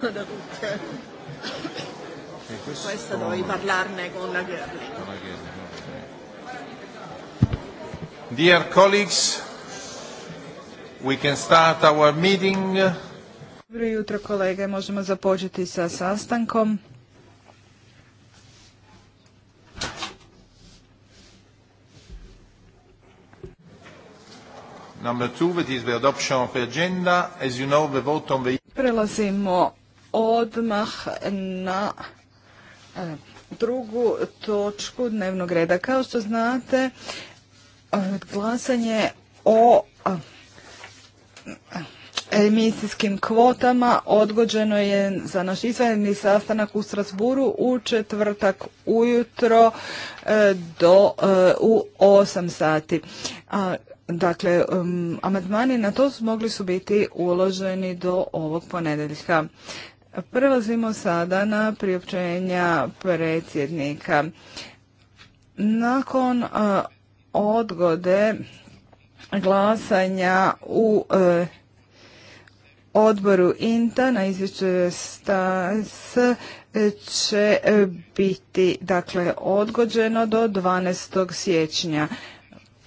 da tutte. Questo dovevi parlarne con la Dear colleagues, we can start our meeting. Dobro jutro kolege, možemo započeti sa sastankom. Number two, that is the adoption of the agenda. As you know, the vote on the... Prelazimo odmah na e, drugu točku dnevnog reda. Kao što znate, e, glasanje o e, emisijskim kvotama odgođeno je za naš izvanredni sastanak u Strasburu u četvrtak ujutro do u 8 sati. dakle, amandmani amadmani na to mogli su biti uloženi do ovog ponedeljka. Prelazimo sada na priopćenja predsjednika. Nakon e, odgode glasanja u e, odboru INTA na izvješće STAS e, će biti dakle odgođeno do 12. siječnja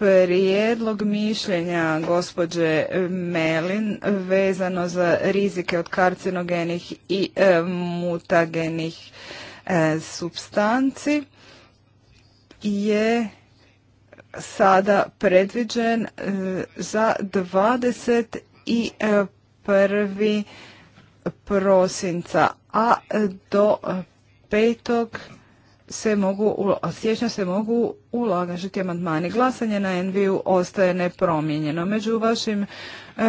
prijedlog mišljenja gospođe Melin vezano za rizike od karcinogenih i e, mutagenih e, substanci je sada predviđen e, za 21. prosinca, a do 5 se mogu, siječnja se mogu ulagažiti amandmani. Glasanje na Enviju ostaje nepromijenjeno. Među vašim e,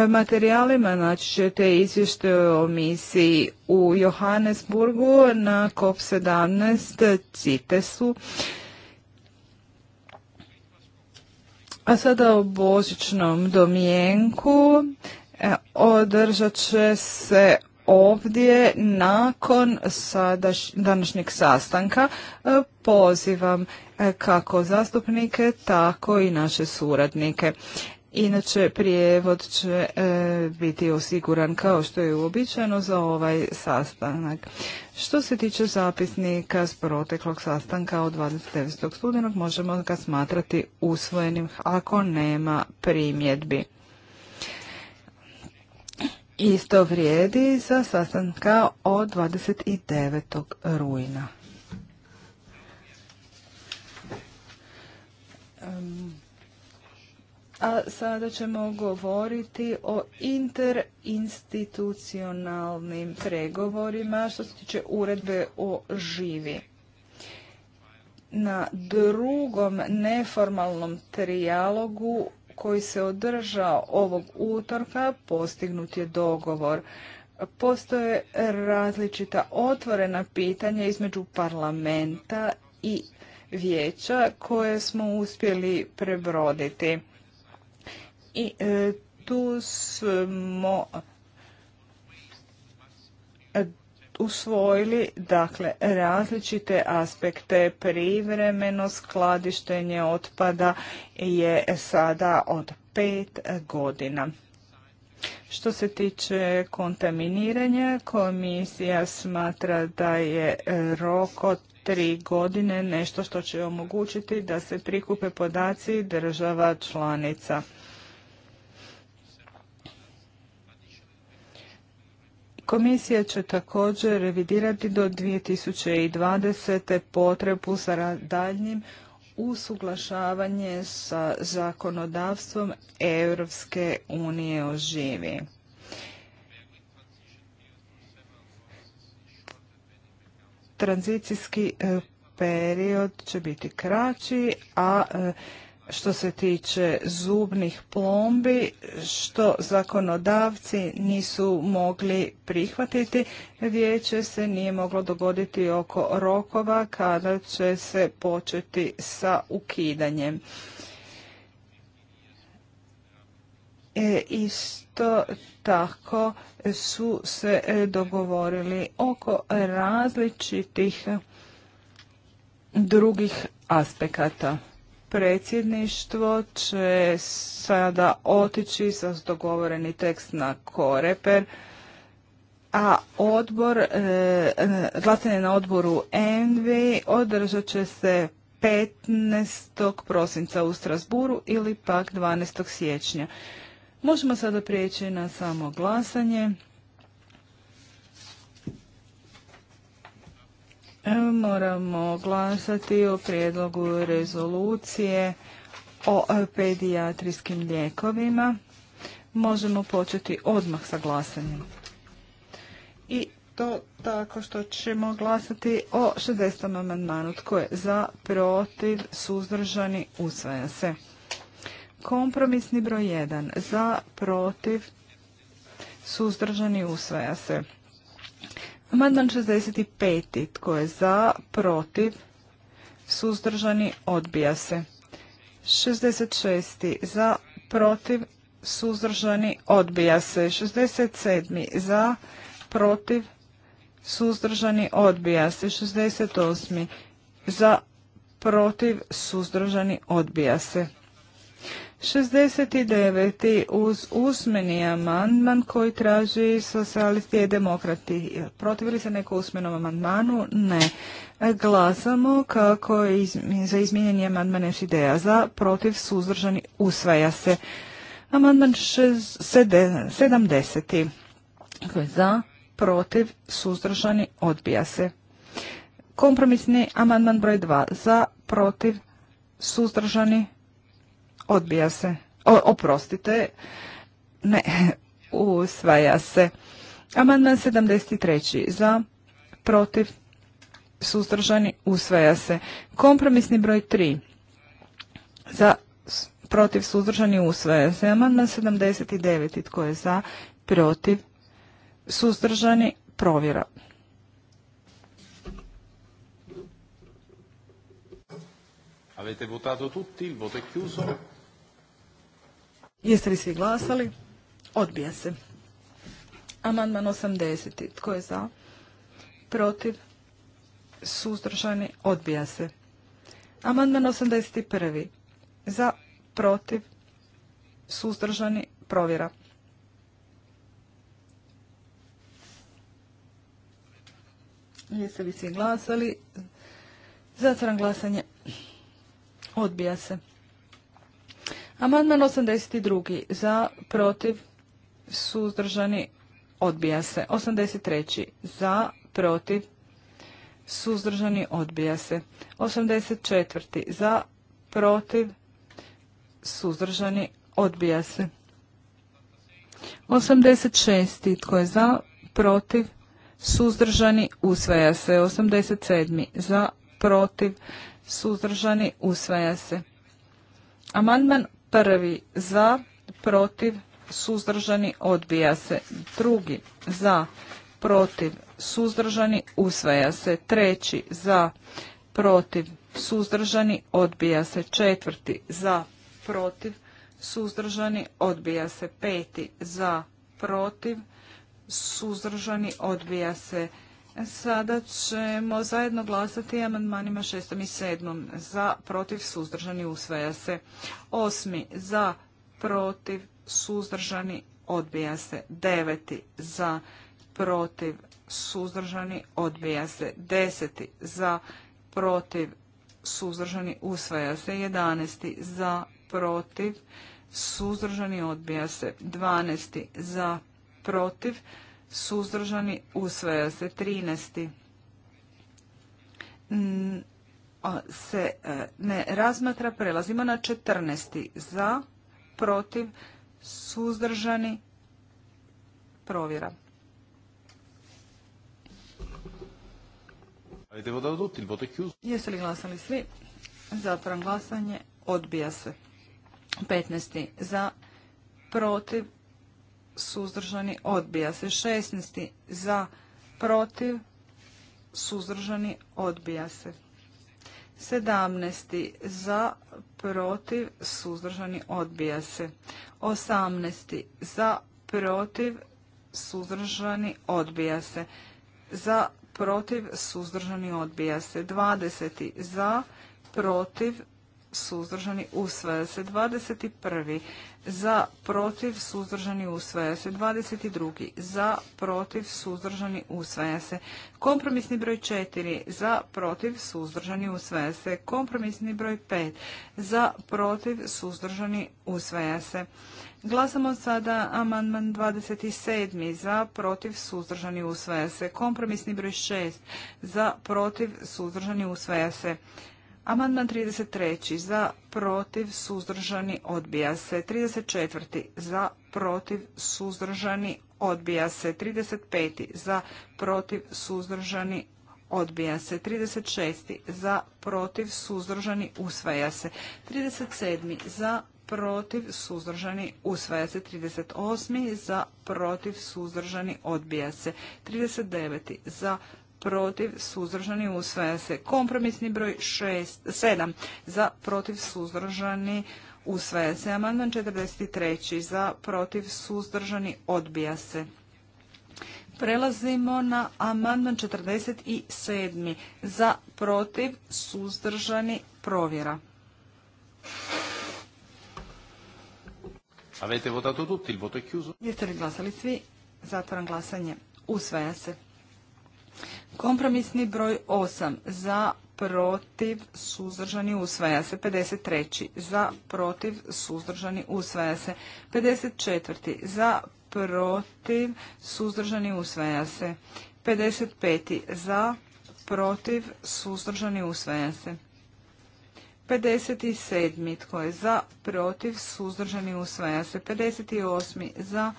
materijalima naći ćete izvješte o misiji u Johannesburgu na COP17 CITES-u. A sada o božičnom domjenku e, održat će se ovdje nakon sadaš, današnjeg sastanka e, pozivam e, kako zastupnike, tako i naše suradnike. Inače, prijevod će e, biti osiguran kao što je uobičajeno za ovaj sastanak. Što se tiče zapisnika s proteklog sastanka od 29. studenog, možemo ga smatrati usvojenim ako nema primjedbi. Isto vrijedi za sastanka od 29. rujna. A sada ćemo govoriti o interinstitucionalnim pregovorima što se tiče uredbe o živi. Na drugom neformalnom trijalogu koji se održao ovog utorka postignut je dogovor. Postoje različita otvorena pitanja između parlamenta i vijeća koje smo uspjeli prebroditi. I e, tu smo usvojili dakle različite aspekte privremeno skladištenje otpada je sada od pet godina. Što se tiče kontaminiranja, komisija smatra da je rok od tri godine nešto što će omogućiti da se prikupe podaci država članica. Komisija će također revidirati do 2020. potrebu za daljnjim usuglašavanje sa zakonodavstvom Europske unije o živi. Tranzicijski e, period će biti kraći, a e, što se tiče zubnih plombi, što zakonodavci nisu mogli prihvatiti. Vijeće se nije moglo dogoditi oko rokova kada će se početi sa ukidanjem. E, isto tako su se dogovorili oko različitih drugih aspekata predsjedništvo će sada otići sa dogovoreni tekst na Koreper, a odbor, e, glasanje na odboru ENVI održat će se 15. prosinca u Strasburu ili pak 12. siječnja. Možemo sada prijeći na samo glasanje. E, moramo glasati o prijedlogu rezolucije o e, pedijatrijskim lijekovima. Možemo početi odmah sa glasanjem. I to tako što ćemo glasati o 60. amandmanu. Tko je za, protiv, suzdržani, usvaja se. Kompromisni broj 1. Za, protiv, suzdržani, usvaja se. Amandman 65. Tko je za, protiv, suzdržani, odbija se. 66. Za, protiv, suzdržani, odbija se. 67. Za, protiv, suzdržani, odbija se. 68. Za, protiv, suzdržani, odbija se. 69. uz usmeni amandman koji traži socijalisti i demokrati. protivili li se neko usmenom amandmanu? Ne. Glasamo kako za izmijenjeni amandman ideja za, protiv, suzdržani, usvaja se. Amandman 70. Za, protiv, suzdržani, odbija se. Kompromisni amandman broj 2. Za, protiv, suzdržani, Odbija se. oprostite. Ne, usvaja se. Amandman 73. Za, protiv, suzdržani, usvaja se. Kompromisni broj 3. Za, protiv, suzdržani, usvaja se. Amandman 79. Tko je za, protiv, suzdržani, provjera. Avete votato tutti, il voto è chiuso. Jeste li svi glasali? Odbija se. Amandman 80. Tko je za? Protiv? Suzdržani? Odbija se. Amandman 81. Za? Protiv? Suzdržani? Provjera. Jeste li svi glasali? Zatvaram glasanje. Odbija se. Amandman 82. Za, protiv, suzdržani, odbija se. 83. Za, protiv, suzdržani, odbija se. 84. Za, protiv, suzdržani, odbija se. 86. Tko je za, protiv, suzdržani, usvaja se. 87. Za, protiv, suzdržani, usvaja se. Amandman Prvi za, protiv, suzdržani, odbija se. Drugi za, protiv, suzdržani, usvaja se. Treći za, protiv, suzdržani, odbija se. Četvrti za, protiv, suzdržani, odbija se. Peti za, protiv, suzdržani, odbija se. Sada ćemo zajedno glasati amandmanima 6. i 7. Za, protiv, suzdržani, usvaja se. 8. Za, protiv, suzdržani, odbija se. 9. Za, protiv, suzdržani, odbija se. 10. Za, protiv, suzdržani, usvaja se. 11. Za, protiv, suzdržani, odbija se. 12. Za, protiv, suzdržani, usvaja se 13. Se e, ne razmatra, prelazimo na 14. Za, protiv, suzdržani, provjera. Jeste li glasali svi? Zatvaram glasanje. Odbija se. 15. Za, protiv, suzdržani, odbija se. 16. za, protiv, suzdržani, odbija se. 17. za, protiv, suzdržani, odbija se. 18. za, protiv, suzdržani, odbija se. Za, protiv, suzdržani, odbija se. 20. za, protiv, suzdržani, usvaja se. 21. Za, protiv, suzdržani, usvaja se. 22. Za, protiv, suzdržani, usvaja se. Kompromisni broj 4. Za, protiv, suzdržani, usvaja se. Kompromisni broj 5. Za, protiv, suzdržani, usvaja se. Glasamo sada amandman 27. Za, protiv, suzdržani, usvaja se. Kompromisni broj 6. Za, protiv, suzdržani, usvaja se. Amandman 33. za, protiv, suzdržani, odbija se. 34. za, protiv, suzdržani, odbija se. 35. za, protiv, suzdržani, odbija se. 36. za, protiv, suzdržani, usvaja se. 37. za, protiv, suzdržani, usvaja se. 38. za, protiv, suzdržani, odbija se. 39. za, protiv, protiv, suzdržani, usvaja se. Kompromisni broj 7 za, protiv, suzdržani, usvaja se. Amandman 43 za, protiv, suzdržani, odbija se. Prelazimo na amandman 47. Za, protiv, suzdržani, provjera. Avete votato tutti, il voto è chiuso. Jeste li glasali svi? Zatvoram glasanje. Usvaja se. Kompromisni broj 8 za protiv suzdržani usvaja se. 53. za protiv suzdržani usvaja se. 54. za protiv suzdržani usvaja se. 55. za protiv suzdržani usvaja se. 57. Tko je za, protiv, suzdržani, usvaja se. 58. Za,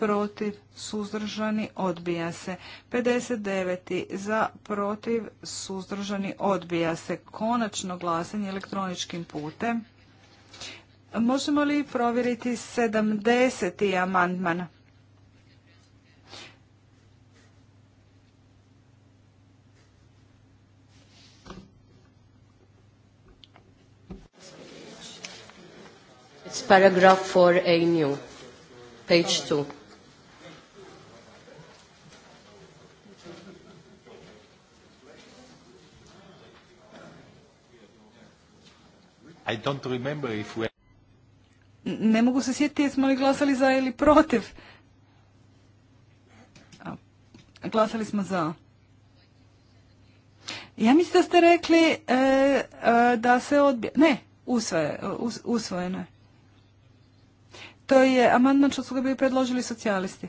protiv, suzdržani, odbija se. 59. za, protiv, suzdržani, odbija se. Konačno glasanje elektroničkim putem. Možemo li provjeriti 70. amandman? It's paragraph 4A new, page 2. Ne mogu se sjetiti jesmo li glasali za ili protiv. glasali smo za. Ja mislim da ste rekli e, e, da se odbije... Ne, usvoje, e, usvojeno je. To je amandman što su ga bili predložili socijalisti.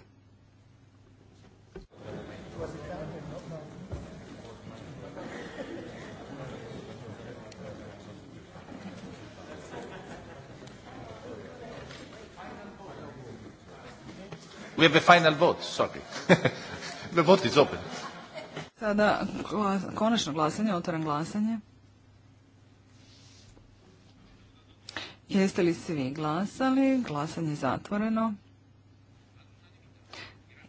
We have final vote, sorry. The vote is open. Sada konačno glasanje, otvaram glasanje. Jeste li svi glasali? Glasanje je zatvoreno.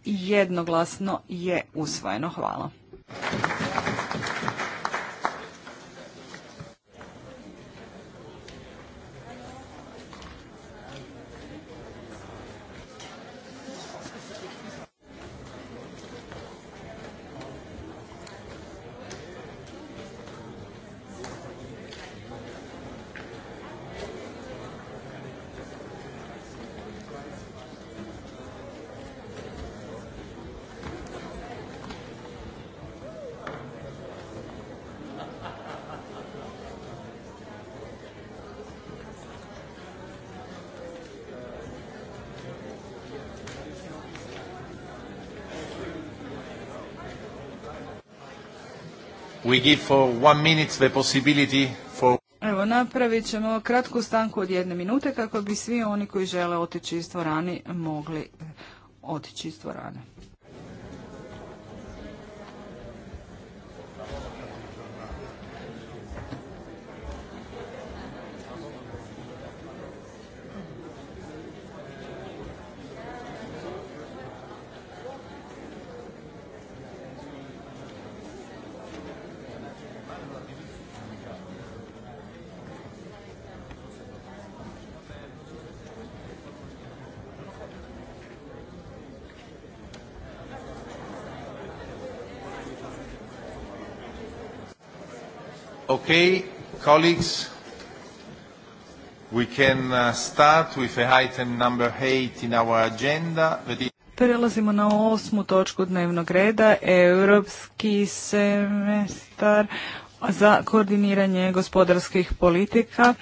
Jednoglasno je usvojeno. Hvala. We give for one minute the possibility for... Evo, napravit ćemo kratku stanku od jedne minute kako bi svi oni koji žele otići iz dvorani mogli eh, otići iz dvorane. Okay, colleagues, we can uh, start with item number in our agenda. Prelazimo na osmu točku dnevnog reda, europski semestar za koordiniranje gospodarskih politika,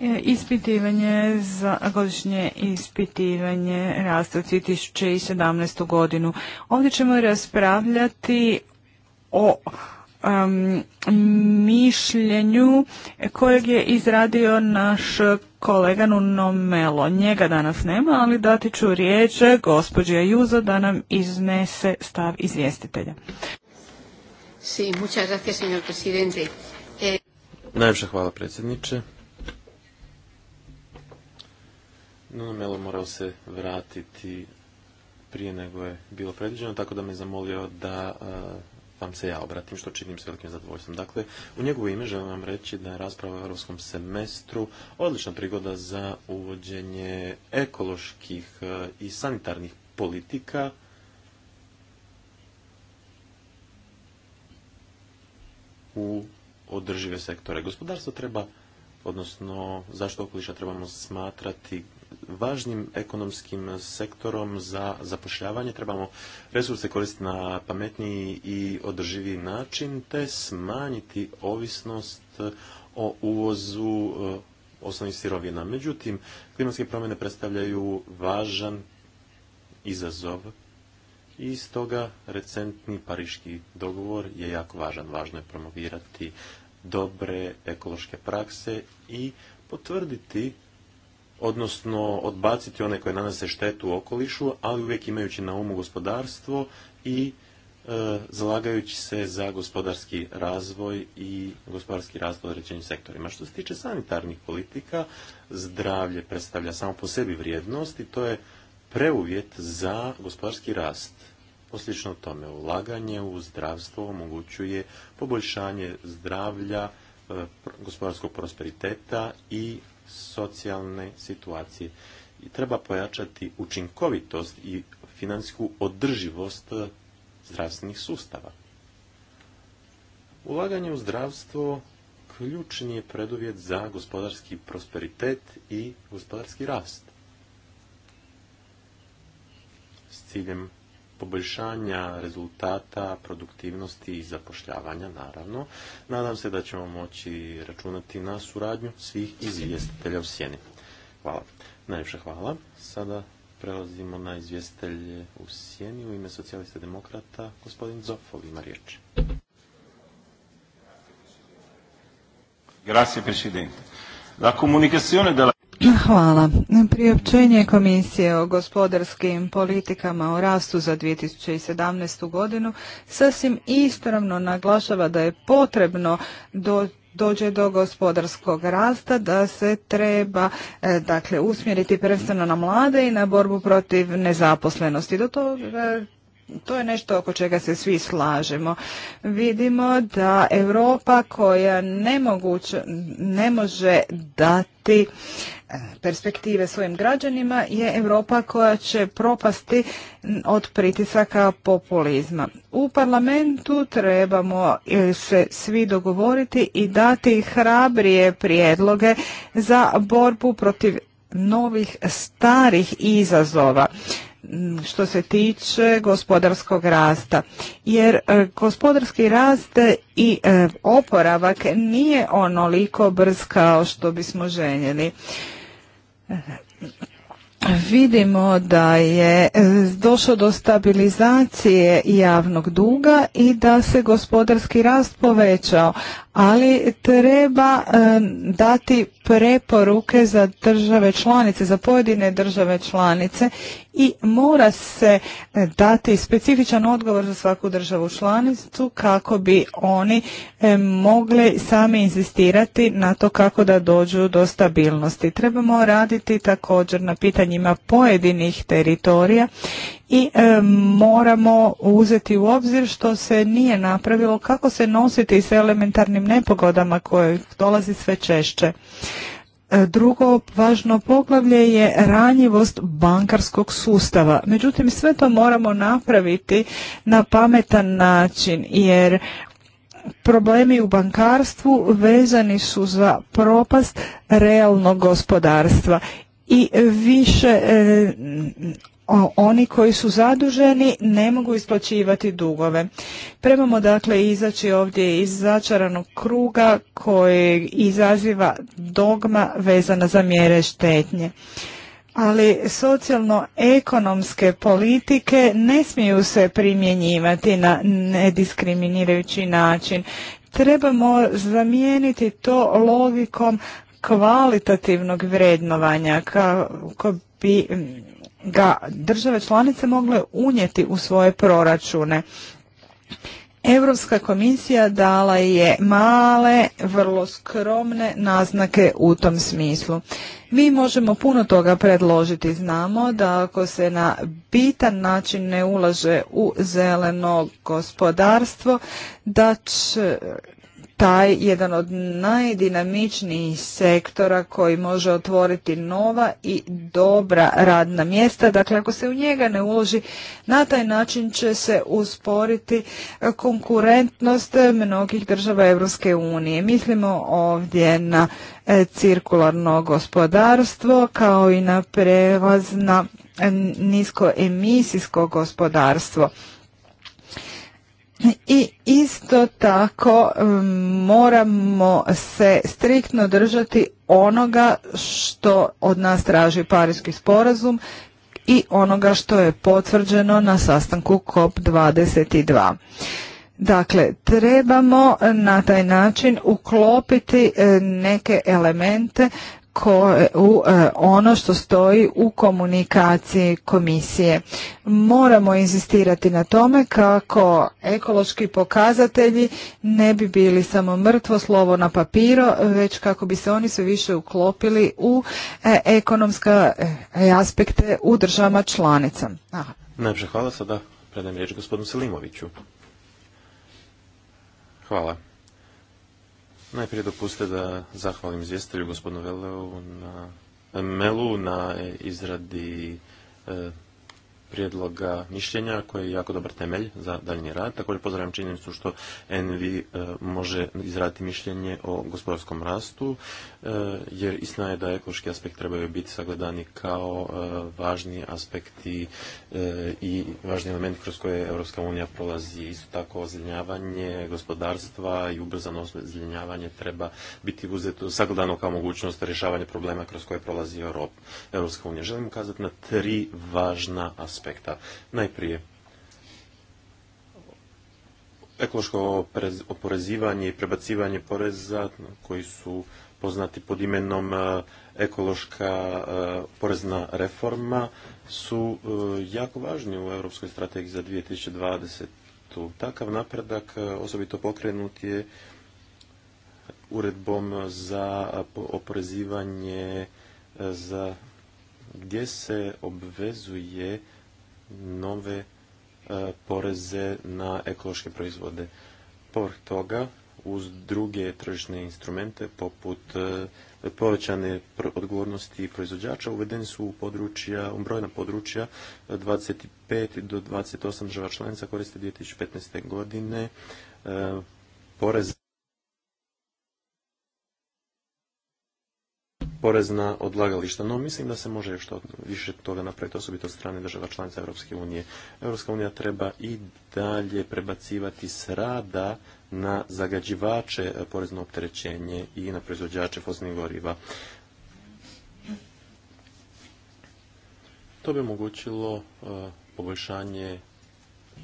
e, ispitivanje za godišnje ispitivanje rasta 2017. godinu. Ovdje ćemo raspravljati o um, mišljenju kojeg je izradio naš kolega Nuno Melo. Njega danas nema, ali dati ću riječ gospođi Ajuzo da nam iznese stav izvjestitelja. Sí, muchas gracias, señor eh, hvala predsjedniče. Nuno Melo morao se vratiti prije nego je bilo predviđeno, tako da me zamolio da eh, vam se ja obratim, što činim s velikim zadovoljstvom. Dakle, u njegovo ime želim vam reći da je rasprava o europskom semestru odlična prigoda za uvođenje ekoloških e, i sanitarnih politika u održive sektore. Gospodarstvo treba, odnosno zašto okoliša trebamo smatrati važnim ekonomskim sektorom za zapošljavanje. Trebamo resurse koristiti na pametniji i održivi način, te smanjiti ovisnost o uvozu e, osnovnih sirovina. Međutim, klimatske promjene predstavljaju važan izazov i stoga recentni pariški dogovor je jako važan. Važno je promovirati dobre ekološke prakse i potvrditi odnosno odbaciti one koje nanose štetu u okolišu, ali uvijek imajući na umu gospodarstvo i e, zalagajući se za gospodarski razvoj i gospodarski razvoj određenim sektorima. Što se tiče sanitarnih politika, zdravlje predstavlja samo po sebi vrijednost i to je preuvjet za gospodarski rast. Poslično tome, ulaganje u zdravstvo omogućuje poboljšanje zdravlja, e, gospodarskog prosperiteta i socijalne situacije. I treba pojačati učinkovitost i financijsku održivost eh, zdravstvenih sustava. Ulaganje u zdravstvo ključni je preduvjet za gospodarski prosperitet i gospodarski rast. S ciljem poboljšanja rezultata, produktivnosti i zapošljavanja, naravno. Nadam se da ćemo moći računati na suradnju svih izvjestitelja u sjeni. Hvala. Najljepša hvala. Sada prelazimo na izvjestitelje u sjeni u ime socijalista demokrata. Gospodin Zofov ima riječ. Grazie Presidente. La comunicazione Hvala. Priopćenje Komisije o gospodarskim politikama o rastu za 2017. godinu sasvim ispravno naglašava da je potrebno do dođe do gospodarskog rasta, da se treba e, dakle, usmjeriti prvenstveno na mlade i na borbu protiv nezaposlenosti. Do toga e, to je nešto oko čega se svi slažemo. Vidimo da Europa koja ne, ne može dati perspektive svojim građanima je Europa koja će propasti od pritisaka populizma. U parlamentu trebamo e, se svi dogovoriti i dati hrabrije prijedloge za borbu protiv novih starih izazova što se tiče gospodarskog rasta. Jer e, gospodarski rast i e, oporavak nije onoliko brz kao što bismo željeli. Vidimo da je e, došlo do stabilizacije javnog duga i da se gospodarski rast povećao, ali treba dati preporuke za države članice, za pojedine države članice i mora se e, dati specifičan odgovor za svaku državu članicu kako bi oni mogli sami inzistirati na to kako da dođu do stabilnosti. Trebamo raditi također na pitanjima pojedinih teritorija i e, moramo uzeti u obzir što se nije napravilo kako se nositi s elementarnim nepogodama koje dolazi sve češće. E, drugo važno poglavlje je ranjivost bankarskog sustava. Međutim, sve to moramo napraviti na pametan način, jer problemi u bankarstvu vezani su za propast realnog gospodarstva i više e, oni koji su zaduženi ne mogu isplaćivati dugove. Trebamo dakle izaći ovdje iz začaranog kruga koji izaziva dogma vezana za mjere štetnje. Ali socijalno-ekonomske politike ne smiju se primjenjivati na nediskriminirajući način. Trebamo zamijeniti to logikom kvalitativnog vrednovanja kako bi ga države članice mogle unijeti u svoje proračune. Europska komisija dala je male, vrlo skromne naznake u tom smislu. Mi možemo puno toga predložiti. Znamo da ako se na bitan način ne ulaže u zeleno gospodarstvo, da će taj jedan od najdinamičnijih sektora koji može otvoriti nova i dobra radna mjesta. Dakle, ako se u njega ne uloži, na taj način će se usporiti konkurentnost mnogih država Europske unije. Mislimo ovdje na e, cirkularno gospodarstvo kao i na prelaz na e, niskoemisijsko gospodarstvo. I isto tako moramo se striktno držati onoga što od nas traži Pariški sporazum i onoga što je potvrđeno na sastanku COP22. Dakle, trebamo na taj način uklopiti neke elemente u, e, ono što stoji u komunikaciji komisije. Moramo inzistirati na tome kako ekološki pokazatelji ne bi bili samo mrtvo slovo na papiro već kako bi se oni sve više uklopili u e, ekonomske aspekte u državama članica. Najpše hvala sada. Predajem riječ gospodinu Selimoviću. Hvala. Najprije dopustite da zahvalim izvjestitelju gospodinu Veleu na Melu na izradi e, prijedloga mišljenja koji je jako dobar temelj za daljnji rad. Također pozdravljam činjenicu što NV e, može izraditi mišljenje o gospodarskom rastu. E, jer istina je da ekološki aspekt trebaju biti sagledani kao e, važni aspekti e, i važni element kroz koje Europska unija prolazi. Isto tako ozljenjavanje gospodarstva i ubrzano ozljenjavanje treba biti uzeto, sagledano kao mogućnost rješavanja problema kroz koje prolazi Europska unija. Želim ukazati na tri važna aspekta. Najprije, ekološko oporezivanje i prebacivanje poreza koji su poznati pod imenom e, ekološka e, porezna reforma su e, jako važni u Europskoj strategiji za 2020. Takav napredak osobito pokrenut je uredbom za oporezivanje za gdje se obvezuje nove poreze na ekološke proizvode. Povrh toga uz druge tržišne instrumente poput e, povećane odgovornosti proizvođača uvedeni su u područja, u brojna područja 25 e, do 28 država članica koriste 2015. godine e, porez porezna odlagališta. No, mislim da se može još više toga napraviti, osobito od strane država članica Europske unije. Europska unija treba i dalje prebacivati s rada na zagađivače e, porezno opterećenje i na proizvođače fosilnih goriva. To bi omogućilo e, poboljšanje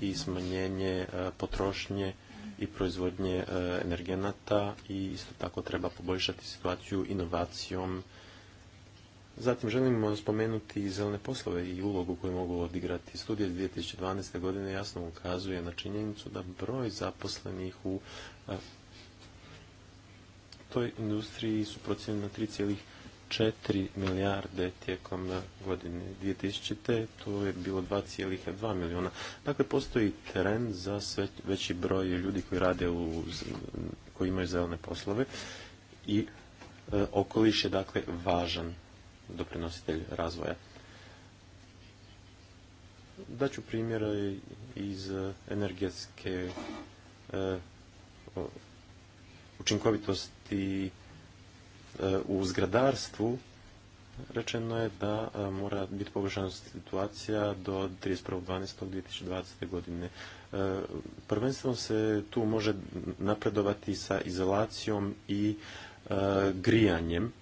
i smanjenje e, potrošnje i proizvodnje energenata i isto tako treba poboljšati situaciju inovacijom Zatim želimo spomenuti zelene poslove i ulogu koju mogu odigrati. Studije 2012. godine jasno ukazuje na činjenicu da broj zaposlenih u toj industriji su procijenjeni na 3,4 milijarde tijekom godine 2000. To je bilo 2,2 milijuna. Dakle, postoji trend za sve veći broj ljudi koji rade u, koji imaju zelene poslove i e, okoliš je dakle važan doprinositelj razvoja. Daću primjer iz e, energetske e, učinkovitosti e, u zgradarstvu rečeno je da mora biti poboljšana situacija do 31.12.2020. godine. Prvenstveno se tu može napredovati sa izolacijom i grijanjem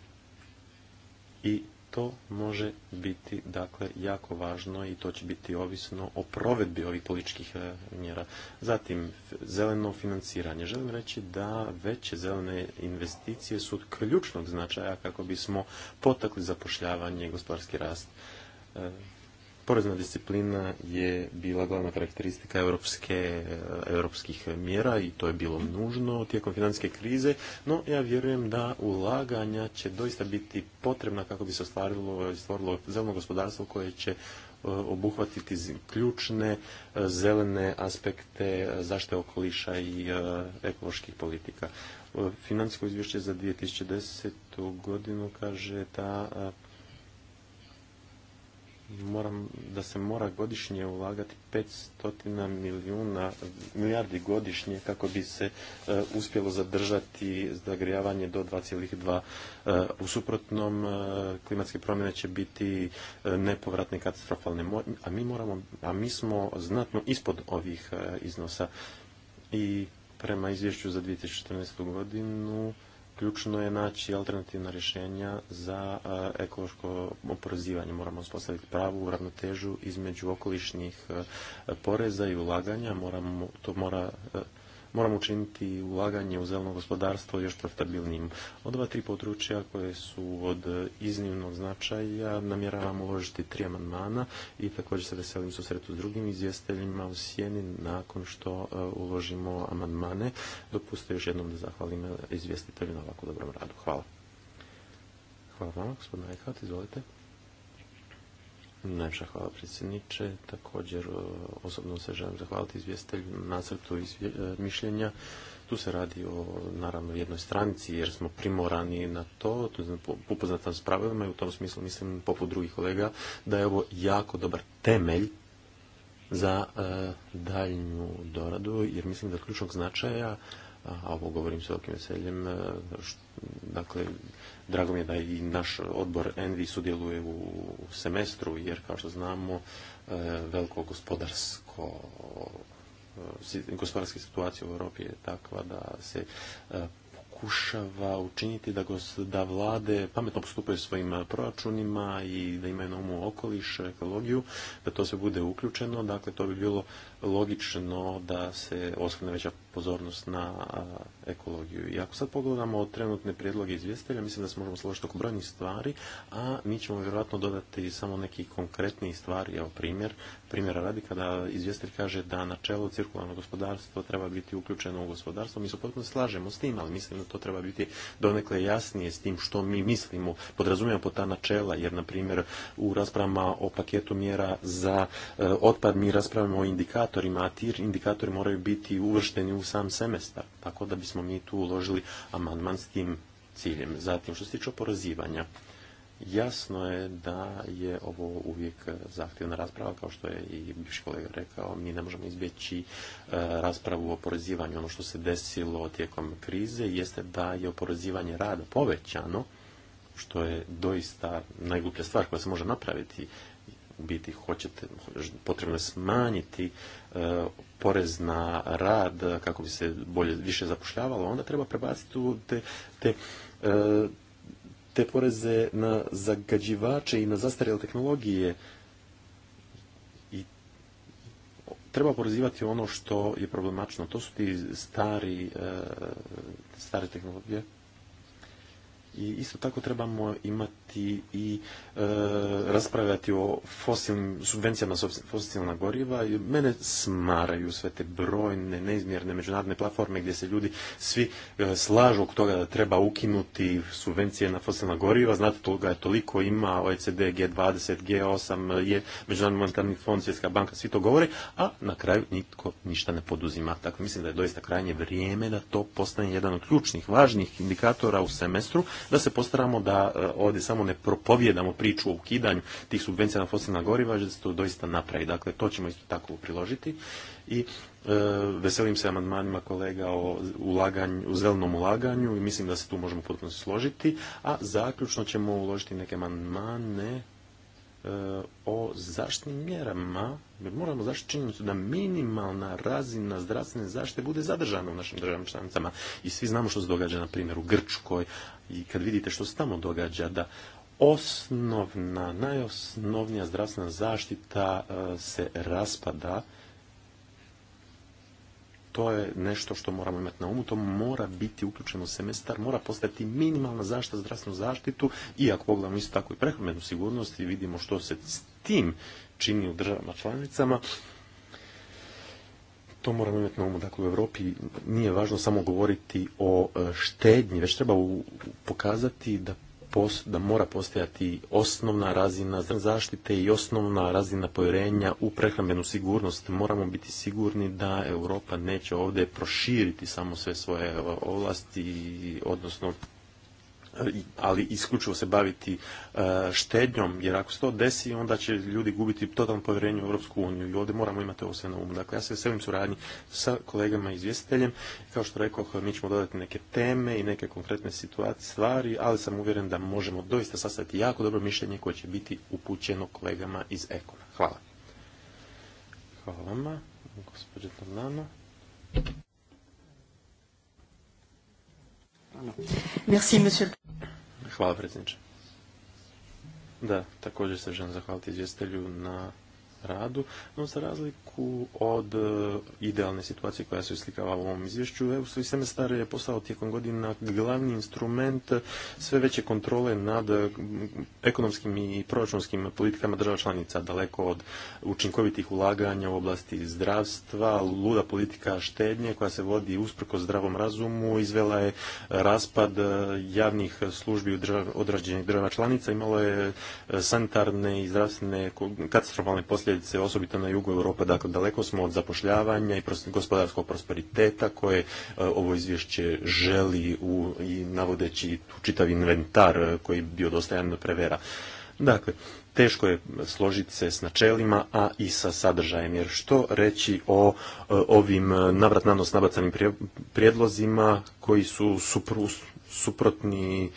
i to može biti dakle jako važno i to će biti ovisno o provedbi ovih političkih e, mjera. Zatim, zeleno financiranje. Želim reći da veće zelene investicije su od ključnog značaja kako bismo potakli zapošljavanje i gospodarski rast. E, porezna disciplina je bila glavna karakteristika europske, eh, europskih mjera i to je bilo nužno tijekom financijske krize, no ja vjerujem da ulaganja će doista biti potrebna kako bi se ostvarilo stvorilo zeleno gospodarstvo koje će eh, obuhvatiti ključne eh, zelene aspekte zaštite okoliša i ekoloških politika. Financijsko izvješće za 2010. godinu kaže da moram, da se mora godišnje ulagati 500 milijuna, milijardi godišnje kako bi se e, uspjelo zadržati zagrijavanje do 2,2. E, u suprotnom, e, klimatske promjene će biti nepovratne katastrofalne, a mi, moramo, a mi smo znatno ispod ovih iznosa. I prema izvješću za 2014. godinu Ključno je naći alternativna rješenja za ekološko oporezivanje. Moramo uspostaviti pravu ravnotežu između okolišnih poreza i ulaganja. Moramo, to mora moramo učiniti ulaganje u zeleno gospodarstvo još profitabilnijim. Od ova tri područja koje su od iznimnog značaja namjeravam uložiti tri amandmana i također se veselim susretu s drugim izvjestiteljima u sjeni nakon što e, uložimo amandmane. Dopustite još jednom da zahvalim e, izvjestitelju na ovako dobrom radu. Hvala. Hvala vam, gospodin izvolite naša hvala predsjedniče. Također e, osobno se želim zahvaliti izvjestitelju nacrtu izvje, e, mišljenja. Tu se radi o naravno jednoj stranici jer smo primorani na to, tu znam s pravilima i u tom smislu mislim poput drugih kolega da je ovo jako dobar temelj za e, daljnju doradu jer mislim da ključnog značaja a ovo govorim s velikim veseljem, dakle, drago mi je da i naš odbor Envi sudjeluje u semestru, jer kao što znamo, e, veliko gospodarsko e, gospodarska situacija u Europi je takva da se e, pokušava učiniti da, da vlade pametno postupaju svojim proračunima i da imaju na umu okoliš, ekologiju, da to sve bude uključeno. Dakle, to bi bilo logično da se osvrne veća pozornost na ekologiju. I ako sad pogledamo trenutne prijedloge izvjestitelja, mislim da se možemo složiti oko brojnih stvari, a mi ćemo vjerojatno dodati samo neki konkretni stvari. Evo primjer, primjera radi kada izvjestitelj kaže da načelo cirkularno gospodarstvo treba biti uključeno u gospodarstvo. Mi se potpuno slažemo s tim, ali mislim da to treba biti donekle jasnije s tim što mi mislimo, podrazumijemo po ta načela, jer na primjer u raspravama o paketu mjera za e, otpad mi raspravljamo o indikatorima indikatorima, a indikatori moraju biti uvršteni u sam semestar, tako da bismo mi tu uložili amandman s tim ciljem. Zatim, što se tiče oporezivanja, jasno je da je ovo uvijek zahtjevna rasprava, kao što je i bivši kolega rekao, mi ne možemo izbjeći e, raspravu o oporezivanju. Ono što se desilo tijekom krize jeste da je oporezivanje rada povećano, što je doista najgluplja stvar koja se može napraviti u biti hoćete, potrebno je smanjiti E, porez na rad kako bi se bolje više zapošljavalo, onda treba prebaciti u te, te, e, te poreze na zagađivače i na zastarjele tehnologije. I treba porezivati ono što je problematično. To su ti stari, e, stare tehnologije. I isto tako trebamo imati i e, raspravljati o subvencijama fosilna goriva. I mene smaraju sve te brojne, neizmjerne međunarodne platforme gdje se ljudi svi e, slažu oko toga da treba ukinuti subvencije na fosilna goriva. Znate, toga je toliko ima OECD, G20, G8, je Međunarodni monetarni fond, Svjetska banka, svi to govore, a na kraju nitko ništa ne poduzima. Tako mislim da je doista krajnje vrijeme da to postane jedan od ključnih, važnih indikatora u semestru, da se postaramo da e, ovdje samo samo ne propovjedamo priču o ukidanju tih subvencija na fosilna goriva, da se to doista napravi. Dakle, to ćemo isto tako priložiti i e, veselim se amandmanima kolega o ulaganju, u zelenom ulaganju i mislim da se tu možemo potpuno složiti, a zaključno ćemo uložiti neke amandmane o zaštitnim mjerama, jer moramo zaštiti činjenicu da minimalna razina zdravstvene zaštite bude zadržana u našim državnim članicama. I svi znamo što se događa, na primjer, u Grčkoj i kad vidite što se tamo događa, da osnovna, najosnovnija zdravstvena zaštita e, se raspada to je nešto što moramo imati na umu, to mora biti uključeno u semestar, mora postati minimalna zaštita, zdravstvenu zaštitu i ako pogledamo isto tako i prehrambenu sigurnost i vidimo što se s tim čini u državama članicama, to moramo imati na umu. Dakle, u Europi nije važno samo govoriti o e, štednji, već treba pokazati da da mora postojati osnovna razina zaštite i osnovna razina povjerenja u prehrambenu sigurnost. Moramo biti sigurni da Europa neće ovdje proširiti samo sve svoje ovlasti, odnosno E, ali isključivo se baviti e, štednjom, jer ako se to desi, onda će ljudi gubiti totalno povjerenje u Europsku uniju i ovdje moramo imati ovo sve na umu. Dakle, ja se veselim suradnji sa kolegama i izvjestiteljem. Kao što rekao, mi ćemo dodati neke teme i neke konkretne situacije, stvari, ali sam uvjeren da možemo doista sastaviti jako dobro mišljenje koje će biti upućeno kolegama iz Ekona. Hvala. Hvala vama, gospođe Merci, monsieur Hvala predsjedniče. Da, također se želim zahvaliti izvjestelju na radu, no za razliku od e, idealne situacije koja se islikava u ovom izvješću, Europski semestar je postao tijekom godina glavni instrument sve veće kontrole nad e, ekonomskim i proračunskim politikama država članica, daleko od učinkovitih ulaganja u oblasti zdravstva, luda politika štednje koja se vodi usprko zdravom razumu, izvela je raspad e, javnih službi odrađenih država članica, imalo je sanitarne i zdravstvene katastrofalne poslije posljedice, osobito na jugu Europe. Dakle, daleko smo od zapošljavanja i gospodarskog prosperiteta koje e, ovo izvješće želi i navodeći čitav inventar e, koji je bio dosta do prevera. Dakle, teško je složiti se s načelima, a i sa sadržajem, jer što reći o e, ovim navrat nabacanim prijedlozima koji su suprotni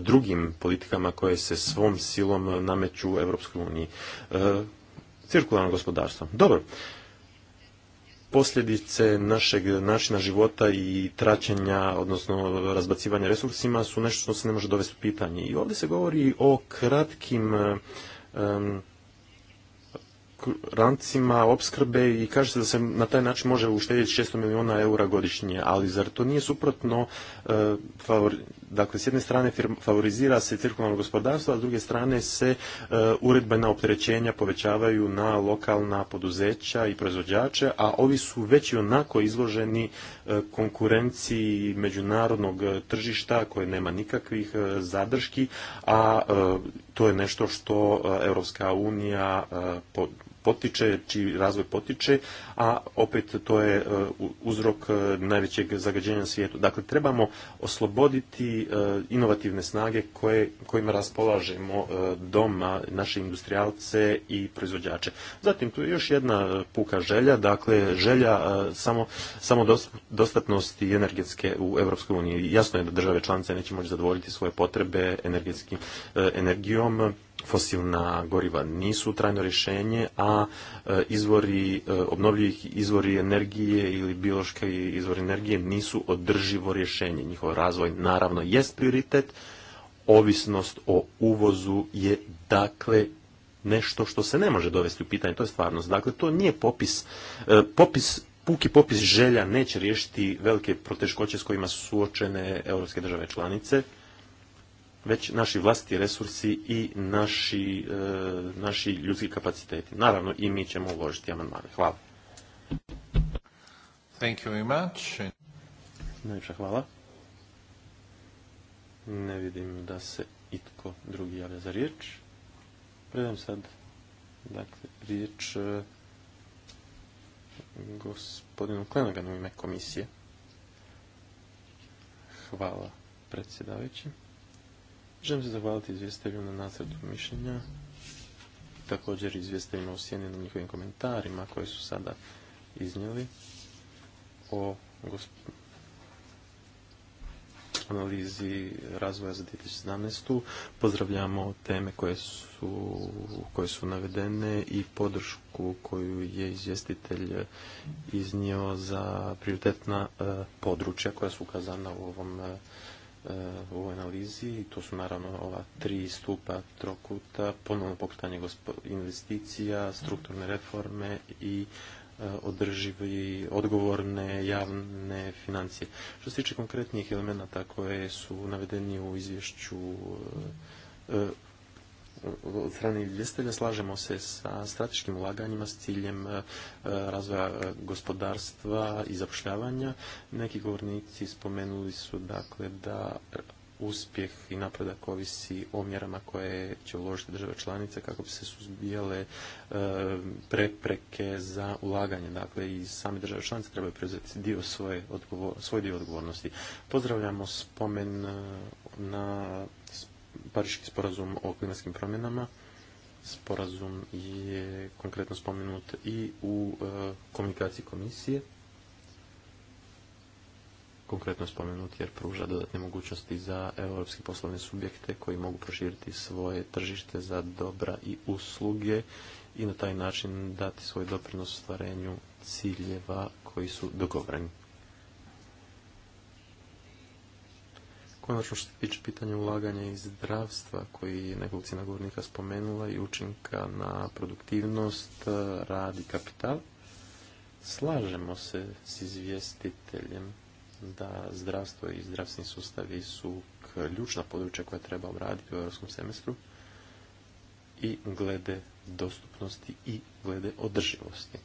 drugim politikama koje se svom silom nameću Europskoj uniji cirkularno gospodarstvo. Dobro, posljedice našeg načina života i traćenja, odnosno razbacivanja resursima su nešto što se ne može dovesti u pitanje. I ovdje se govori o kratkim rancima opskrbe i kaže se da se na taj način može uštedjeti 600 milijuna eura godišnje, ali zar to nije suprotno e, favori, Dakle, s jedne strane favorizira se cirkularno gospodarstvo, a s druge strane se e, uredbena opterećenja povećavaju na lokalna poduzeća i proizvođače, a ovi su već i onako izloženi e, konkurenciji međunarodnog tržišta koje nema nikakvih e, zadrški, a to je nešto što Europska unija potiče, čiji razvoj potiče, a opet to je e, uzrok e, najvećeg zagađenja na svijetu. Dakle, trebamo osloboditi e, inovativne snage koje, kojima raspolažemo doma, naše industrijalce i proizvođače. Zatim, tu je još jedna puka želja, dakle, želja samo, samo dostatnosti energetske u Europskoj uniji. Jasno je da države članice neće moći zadovoljiti svoje potrebe energetskim energijom, fosilna goriva nisu trajno rješenje, a e, izvori, e, obnovljivih izvori energije ili biološki izvori energije nisu održivo rješenje. Njihov razvoj naravno jest prioritet, ovisnost o uvozu je dakle nešto što se ne može dovesti u pitanje, to je stvarnost. Dakle, to nije popis, e, popis puki popis želja neće riješiti velike proteškoće s kojima su suočene europske države članice, već naši vlastiti resursi i naši, e, naši ljudski kapaciteti. Naravno i mi ćemo uložiti amandmane. Hvala. Thank you very much. hvala. Ne vidim da se itko drugi javlja za riječ. Predam sad dakle, riječ e, gospodinu Klenoganu ime komisije. Hvala predsjedavajući. Želim se zahvaliti izvjestiteljima na nacrtu mišljenja, također izvjestiteljima u sjeni na njihovim komentarima koje su sada iznijeli o analizi razvoja za 2017. Pozdravljamo teme koje su, navedene i podršku koju je izvjestitelj iznio za prioritetna e, područja koja su ukazana u ovom e, E, u ovoj analizi. To su naravno ova tri stupa trokuta, ponovno pokretanje investicija, strukturne reforme i e, održivi, odgovorne javne financije. Što se tiče konkretnijih elemenata koje su navedeni u izvješću e, od strane izvjestitelja slažemo se sa strateškim ulaganjima s ciljem e, razvoja e, gospodarstva i zapošljavanja. Neki govornici spomenuli su dakle da uspjeh i napredak ovisi o mjerama koje će uložiti države članice kako bi se suzbijale e, prepreke za ulaganje. Dakle, i same države članice trebaju preuzeti dio svoje svoj dio odgovornosti. Pozdravljamo spomen na Pariški sporazum o klimatskim promjenama. Sporazum je konkretno spomenut i u e, komunikaciji komisije. Konkretno spomenut jer pruža dodatne mogućnosti za europske poslovne subjekte koji mogu proširiti svoje tržište za dobra i usluge i na taj način dati svoj doprinos stvarenju ciljeva koji su dogovoreni. konačno što se tiče pitanja ulaganja i zdravstva koji je nekolicina govornika spomenula i učinka na produktivnost, eh, rad i kapital, slažemo se s izvjestiteljem da zdravstvo i zdravstveni sustavi su ključna područja koja treba obraditi u europskom semestru i glede dostupnosti i glede održivosti.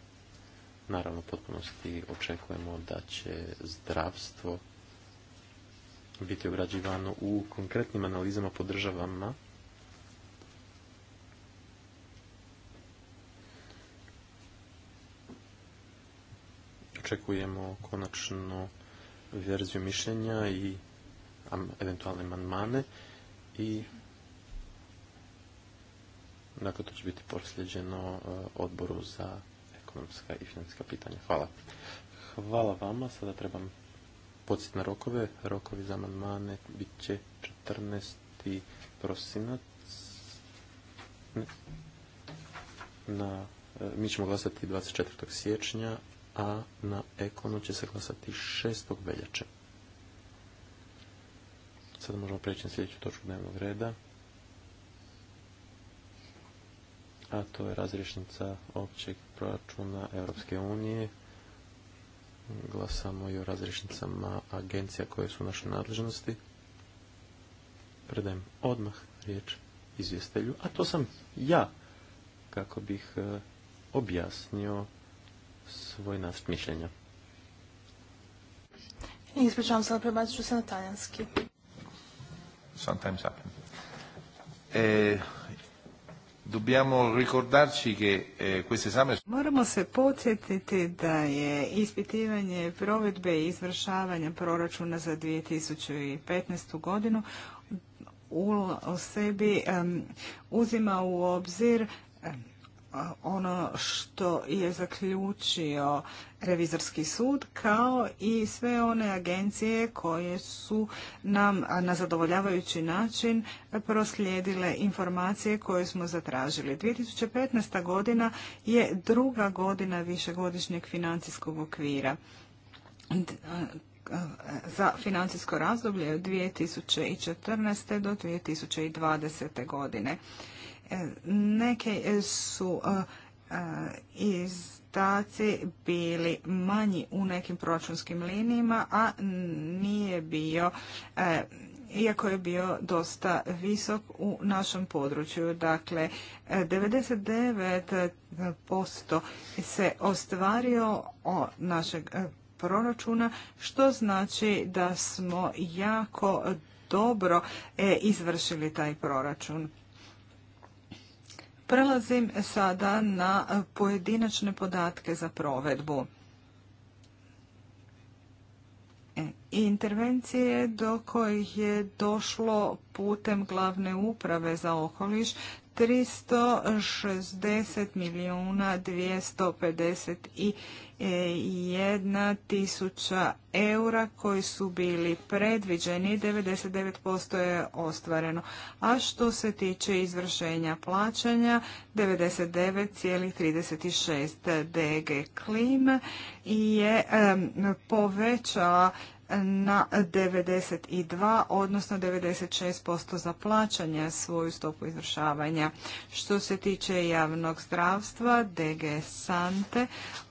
Naravno, potpunosti očekujemo da će zdravstvo biti obrađivano u konkretnim analizama po državama. Očekujemo konačno verziju mišljenja i eventualne manmane i dakle to će biti posljeđeno e, odboru za ekonomska i financijska pitanja. Hvala. Hvala vama, sada trebam podsjetiti na rokove. Rokovi za amandmane bit će 14. prosinac. E, mi ćemo glasati 24. siječnja, a na Ekonu će se glasati 6. veljače. Sada možemo preći na sljedeću točku dnevnog reda. A to je razrješnica općeg proračuna Europske unije glasamo i o razrešnicama agencija koje su naše nadležnosti. Predajem odmah riječ izvjestelju, a to sam ja kako bih e, objasnio svoj nast mišljenja. Ispričavam se, prebacit ću se na talijanski. Sometimes happen. E, Dobbiamo ricordarci che eh, Moramo se podsjetiti da je ispitivanje provedbe i izvršavanja proračuna za 2015. godinu u sebi uzima u obzir ono što je zaključio revizorski sud kao i sve one agencije koje su nam na zadovoljavajući način proslijedile informacije koje smo zatražili. 2015. godina je druga godina višegodišnjeg financijskog okvira za financijsko razdoblje od 2014. do 2020. godine. Neke su e, e, izdaci bili manji u nekim proračunskim linijima, a nije bio e, iako je bio dosta visok u našem području. Dakle, 99% se ostvario od našeg proračuna, što znači da smo jako dobro izvršili taj proračun. Prelazim sada na pojedinačne podatke za provedbu. E, intervencije do kojih je došlo putem glavne uprave za okoliš 360 milijuna 251 tisuća eura koji su bili predviđeni, 99% je ostvareno. A što se tiče izvršenja plaćanja, 99,36 DG Klim je povećala na 92, odnosno 96% za plaćanje svoju stopu izvršavanja. Što se tiče javnog zdravstva, DG Sante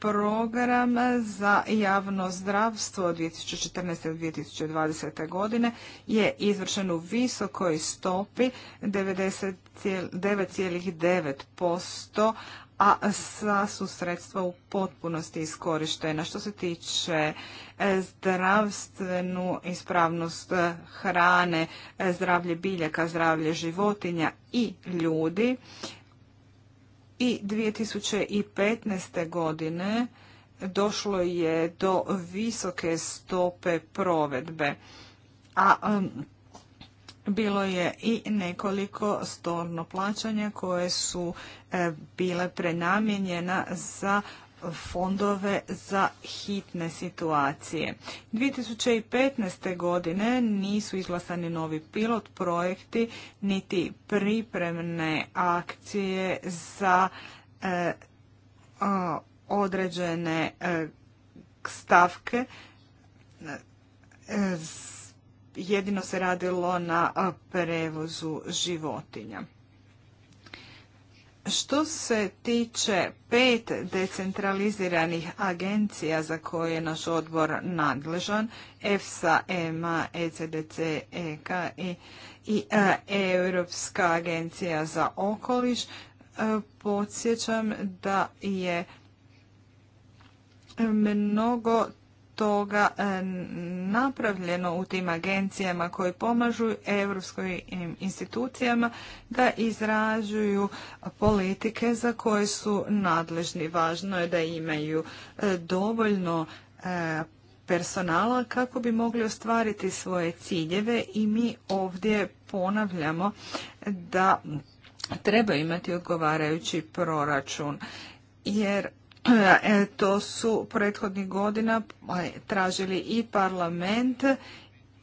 program za javno zdravstvo od 2014. 2020. godine je izvršen u visokoj stopi 99,9%, a sva su sredstva u potpunosti iskorištena. Što se tiče e, zdravstvenu ispravnost e, hrane, e, zdravlje biljaka, zdravlje životinja i ljudi, i 2015. godine došlo je do visoke stope provedbe, a um, bilo je i nekoliko storno plaćanja koje su e, bile prenamjenjena za fondove za hitne situacije. 2015. godine nisu izglasani novi pilot projekti niti pripremne akcije za e, e, određene e, stavke. jedino se radilo na prevozu životinja. Što se tiče pet decentraliziranih agencija za koje je naš odbor nadležan, EFSA, EMA, ECDC, EK i, e, Europska agencija za okoliš, e, podsjećam da je mnogo toga e, napravljeno u tim agencijama koje pomažu evropskoj institucijama da izrađuju politike za koje su nadležni. Važno je da imaju e, dovoljno e, personala kako bi mogli ostvariti svoje ciljeve i mi ovdje ponavljamo da treba imati odgovarajući proračun jer E, to su prethodnih godina tražili i parlament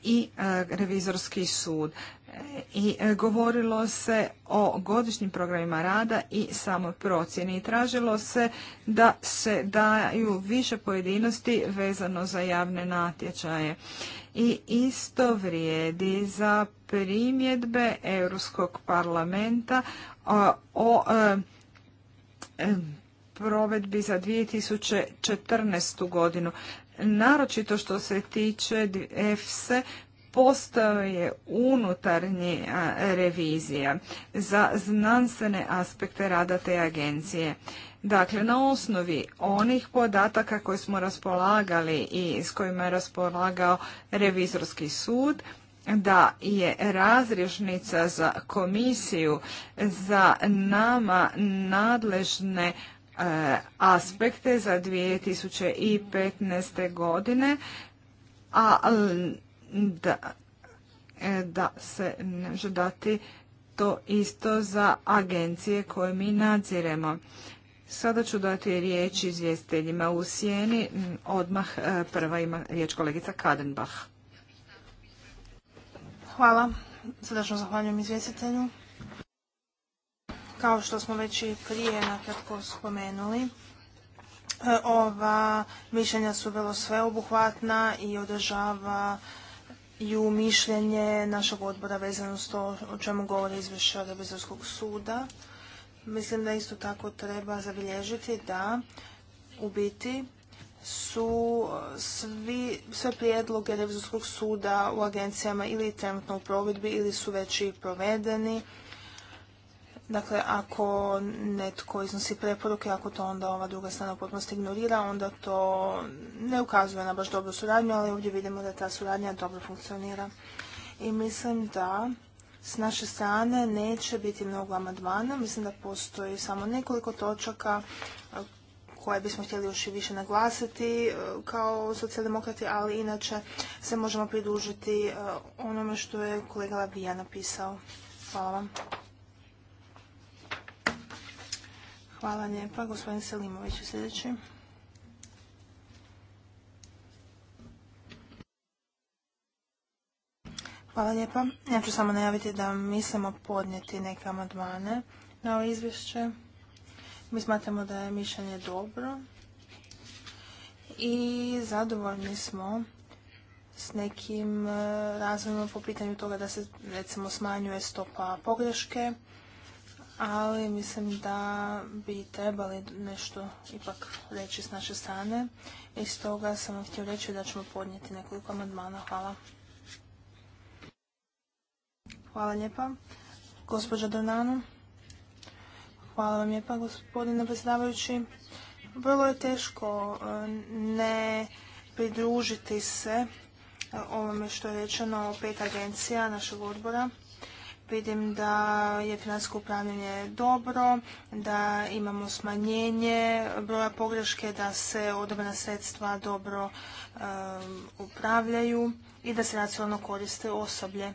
i e, revizorski sud. E, I govorilo se o godišnjim programima rada i samoj procjeni. I tražilo se da se daju više pojedinosti vezano za javne natječaje. I isto vrijedi za primjedbe Europskog parlamenta o, provedbi za 2014. godinu. Naročito što se tiče EFSE, je unutarnji revizija za znanstvene aspekte rada te agencije. Dakle, na osnovi onih podataka koje smo raspolagali i s kojima je raspolagao revizorski sud, da je razrješnica za komisiju za nama nadležne E, aspekte za 2015. godine, a da, e, da se ne može dati to isto za agencije koje mi nadziremo. Sada ću dati riječ izvjestiteljima u sjeni. Odmah e, prva ima riječ kolegica Kadenbach. Hvala. Srdačno zahvaljujem izvjestitelju. Kao što smo već i prije nakratko spomenuli, e, ova mišljenja su vrlo sveobuhvatna i održava i mišljenje našeg odbora vezano s to o čemu govori izvješća revizorskog suda. Mislim da isto tako treba zabilježiti da u biti su e, svi, sve prijedloge revizorskog suda u agencijama ili trenutno u provedbi ili su već i provedeni Dakle, ako netko iznosi preporuke, ako to onda ova druga strana potpunosti ignorira, onda to ne ukazuje na baš dobru suradnju, ali ovdje vidimo da ta suradnja dobro funkcionira. I mislim da s naše strane neće biti mnogo amandmana, mislim da postoji samo nekoliko točaka e, koje bismo htjeli još i više naglasiti e, kao socijaldemokrati, ali inače se možemo pridružiti e, onome što je kolega Labija napisao. Hvala vam. Hvala lijepa. Gospodin Selimović je sljedeći. Hvala lijepa. Ja ću samo najaviti da mislimo podnijeti neke amandmane na ovo izvješće. Mi smatramo da je mišljenje dobro i zadovoljni smo s nekim eh, razvojima po pitanju toga da se recimo smanjuje stopa pogreške ali mislim da bi trebali nešto ipak reći s naše strane i stoga sam vam htio reći da ćemo podnijeti nekoliko amandmana. Hvala. Hvala lijepa. Gospođa Dornanu. Hvala vam lijepa, gospodine predsjedavajući. Vrlo je teško e, ne pridružiti se e, ovome što je rečeno pet agencija našeg odbora Vidim da je financijsko upravljanje dobro, da imamo smanjenje broja pogreške, da se odobrena sredstva dobro um, upravljaju i da se racionalno koriste osoblje.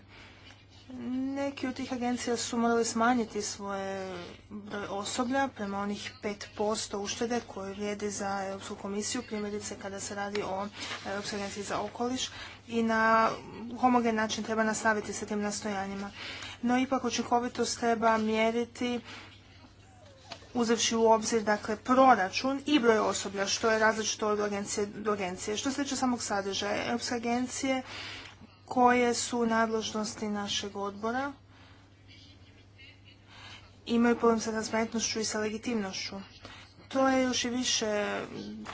Neki od tih agencija su morali smanjiti svoje broj osoblja prema onih 5% uštede koje vrijede za Europsku komisiju, primjerice kada se radi o Europskoj agenciji za okoliš i na homogen način treba nastaviti sa tim nastojanjima no ipak učinkovitost treba mjeriti uzevši u obzir dakle proračun i broj osoblja, što je različito od agencije do agencije. Što se tiče samog sadržaja, Europske agencije koje su nadležnosti našeg odbora imaju problem sa transparentnošću i sa legitimnošću. To je još i više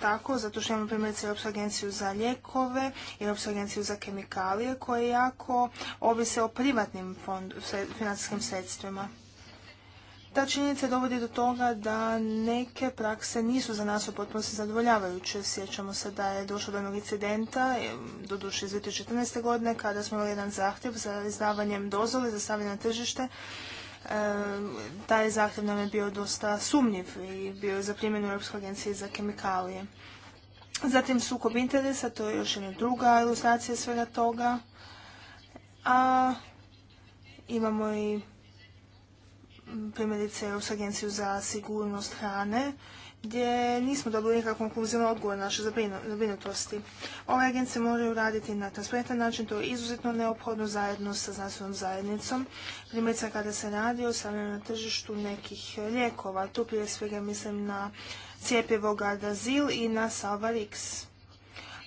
tako, zato što imamo primjerice Europsku agenciju za lijekove, Europsku agenciju za kemikalije, koje jako ovise o privatnim financijskim sredstvima. Ta činjenica dovodi do toga da neke prakse nisu za nas u potpunosti zadovoljavajuće. Sjećamo se da je došlo do jednog incidenta, doduše iz 2014. godine, kada smo imali jedan zahtjev za izdavanjem dozvole za stavljanje na tržište taj zahtjev nam je bio dosta sumnjiv i bio je za u Europskoj agenciji za kemikalije. Zatim sukob interesa, to je još jedna druga ilustracija svega toga. A imamo i primjerice Europsku agenciju za sigurnost hrane gdje nismo dobili nikakav konkluzivnu odgovor naše zabrinutosti. Ove agencije moraju raditi na transparentan način, to je izuzetno neophodno zajedno sa znanstvenom zajednicom. Primjerice kada se radi o stavljanju na tržištu nekih lijekova, tu prije svega mislim na Cijepjevo Gardazil i na Salvarix.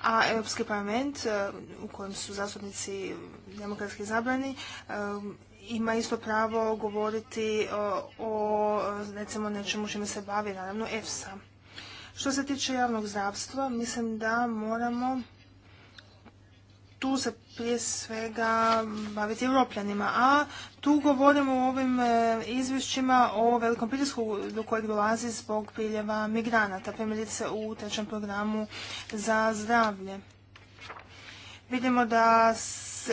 A Europski parlament, eh, u kojem su zastupnici demokratski zabrani, eh, ima isto pravo govoriti e, o recimo nečemu čime se bavi naravno EFSA. Što se tiče javnog zdravstva, mislim da moramo tu se prije svega baviti europljanima, a tu govorimo u ovim e, izvješćima o velikom pritisku do kojeg dolazi zbog priljeva migranata, primjerice u trećem programu za zdravlje. Vidimo da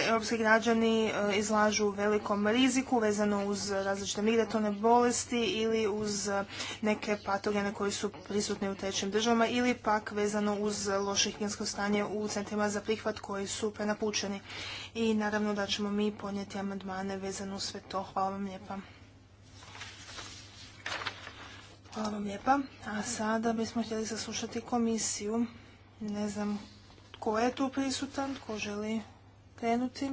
europski građani e, izlažu velikom riziku vezano uz različite migratorne bolesti ili uz e, neke patogene koji su prisutni u trećim državama ili pak vezano uz loše higijensko stanje u centrima za prihvat koji su prenapučeni. I naravno da ćemo mi podnijeti amandmane vezano uz sve to. Hvala vam lijepa. Hvala vam lijepa. A sada bismo htjeli saslušati komisiju. Ne znam ko je tu prisutan, ko želi krenuti.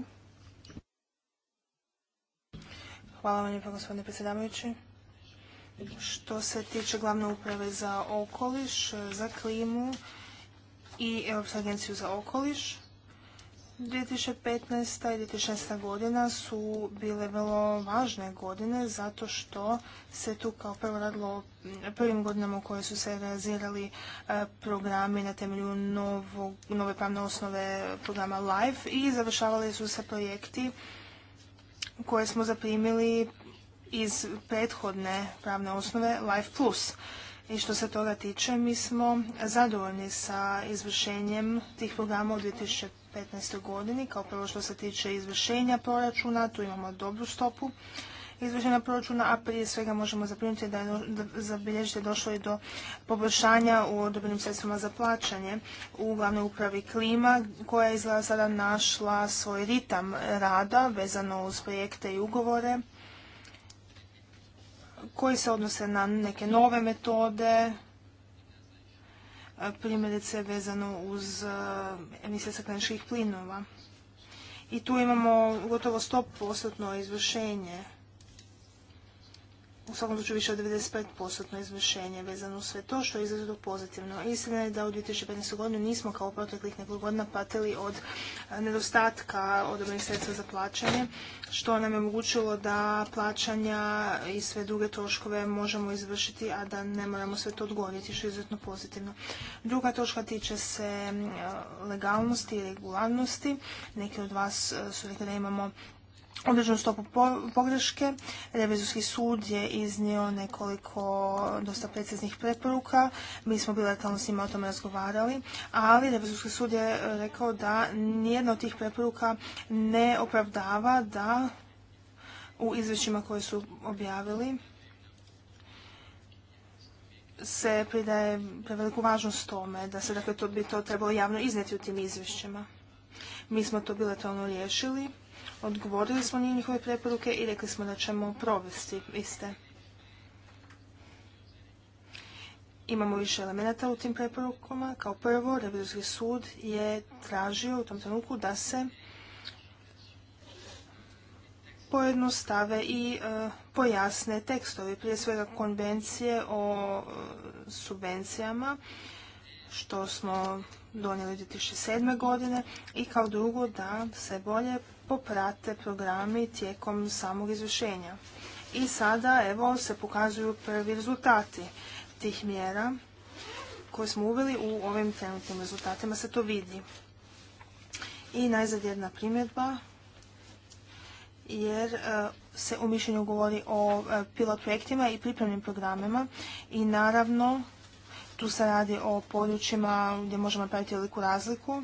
Hvala vam lijepa gospodine predsjedavajući. Što se tiče glavne uprave za okoliš, za klimu i Europsku agenciju za okoliš, 2015. i 2016. godina su bile vrlo važne godine zato što se tu kao prvo radilo o prvim godinama u kojoj su se realizirali e, programi na temelju nove pravne osnove programa LIFE i završavali su se projekti koje smo zaprimili iz prethodne pravne osnove LIFE Plus. I što se toga tiče, mi smo zadovoljni sa izvršenjem tih programa u 2015. 2015. godini. Kao prvo što se tiče izvršenja proračuna, tu imamo dobru stopu izvršenja proračuna, a prije svega možemo zaprimiti da je zabilježite došlo i do poboljšanja u odobrenim sredstvima za plaćanje u glavnoj upravi klima, koja je izgleda sada našla svoj ritam rada vezano uz projekte i ugovore koji se odnose na neke nove metode, primjerice vezano uz emisije stakleničkih plinova. I tu imamo gotovo 100% izvršenje u svakom slučaju više od 95% izvršenje vezano u sve to što je izrazito pozitivno. Istina je da u 2015. godinu nismo kao proteklih nekoliko godina patili od eh, nedostatka odobrenih sredstva za plaćanje, što nam je omogućilo da plaćanja i sve druge troškove možemo izvršiti, a da ne moramo sve to odgovoriti što je izuzetno pozitivno. Druga točka tiče se eh, legalnosti i regularnosti. Neki od vas eh, su rekli da imamo određenu stopu pogreške. Revizorski sud je iznio nekoliko dosta preciznih preporuka. Mi smo bilateralno s njima o tome razgovarali, ali Revizorski sud je rekao da nijedna od tih preporuka ne opravdava da u izvješćima koje su objavili se pridaje preveliku važnost tome, da se dakle to bi to trebalo javno izneti u tim izvješćima. Mi smo to bilateralno riješili odgovorili smo njihove preporuke i rekli smo da ćemo provesti iste. Imamo više elemenata u tim preporukama. Kao prvo, Revizorski sud je tražio u tom trenutku da se pojednostave i e, pojasne tekstovi, prije svega konvencije o e, subvencijama, što smo donijeli 2007. godine i kao drugo da se bolje poprate programi tijekom samog izvršenja. I sada evo se pokazuju prvi rezultati tih mjera koje smo uveli u ovim trenutnim rezultatima se to vidi. I najzad jedna primjedba jer e, se u mišljenju govori o e, pilot projektima i pripremnim programima i naravno tu se radi o područjima gdje možemo napraviti veliku razliku.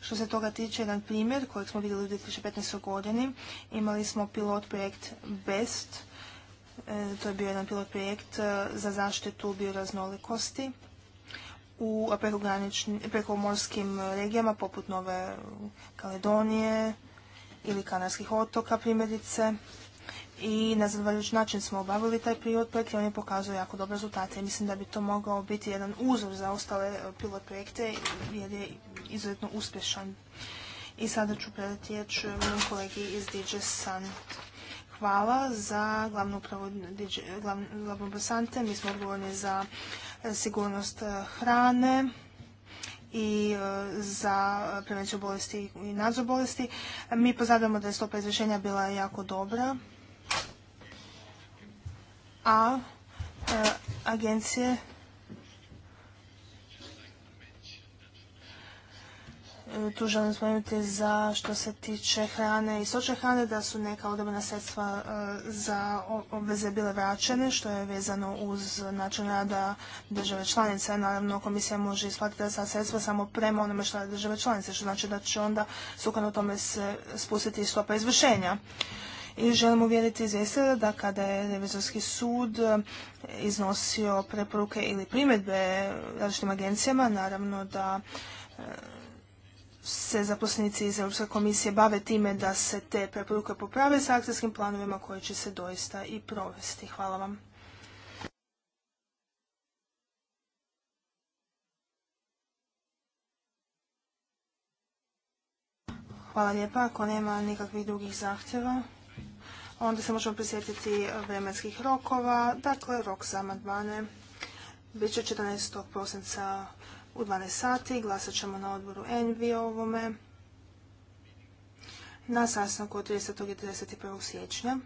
Što se toga tiče, jedan primjer kojeg smo vidjeli u 2015. godini, imali smo pilot projekt BEST, e, to je bio jedan pilot projekt e, za zaštitu bioraznolikosti u prekomorskim regijama poput Nove Kaledonije ili Kanarskih otoka primjerice i na zadovoljavajući način smo obavili taj pilot projekt i on je pokazao jako dobre rezultate. Mislim da bi to mogao biti jedan uzor za ostale e, pilot projekte jer je izuzetno uspješan. I sada ću predati riječ e, mom kolegi iz DJ Sun. Hvala za glavnu upravu e, glavnu Bosante. Mi smo odgovorni za sigurnost hrane i za prevenciju bolesti i nadzor bolesti. Mi pozdravljamo da je stopa izvršenja bila jako dobra a e, agencije e, tu želim spomenuti za što se tiče hrane i sočne hrane da su neka odobrena sredstva e, za obveze bile vraćene što je vezano uz način rada države članice. Naravno komisija može isplatiti sa sredstva samo prema onome što je države članice što znači da će onda sukladno tome se spustiti stopa izvršenja. I želim uvjeriti izvjestitelja da kada je revizorski sud e, iznosio preporuke ili primjedbe različitim agencijama, naravno da e, se zaposlenici iz Europske komisije bave time da se te preporuke poprave sa akcijskim planovima koji će se doista i provesti. Hvala vam. Hvala lijepa. Ako nema nikakvih drugih zahtjeva, Onda se možemo prisjetiti vremenskih rokova. Dakle, rok za amandmane bit će 14. prosinca u 12 sati. Glasat ćemo na odboru Envi ovome na sastanku od 30. i 31. siječnja,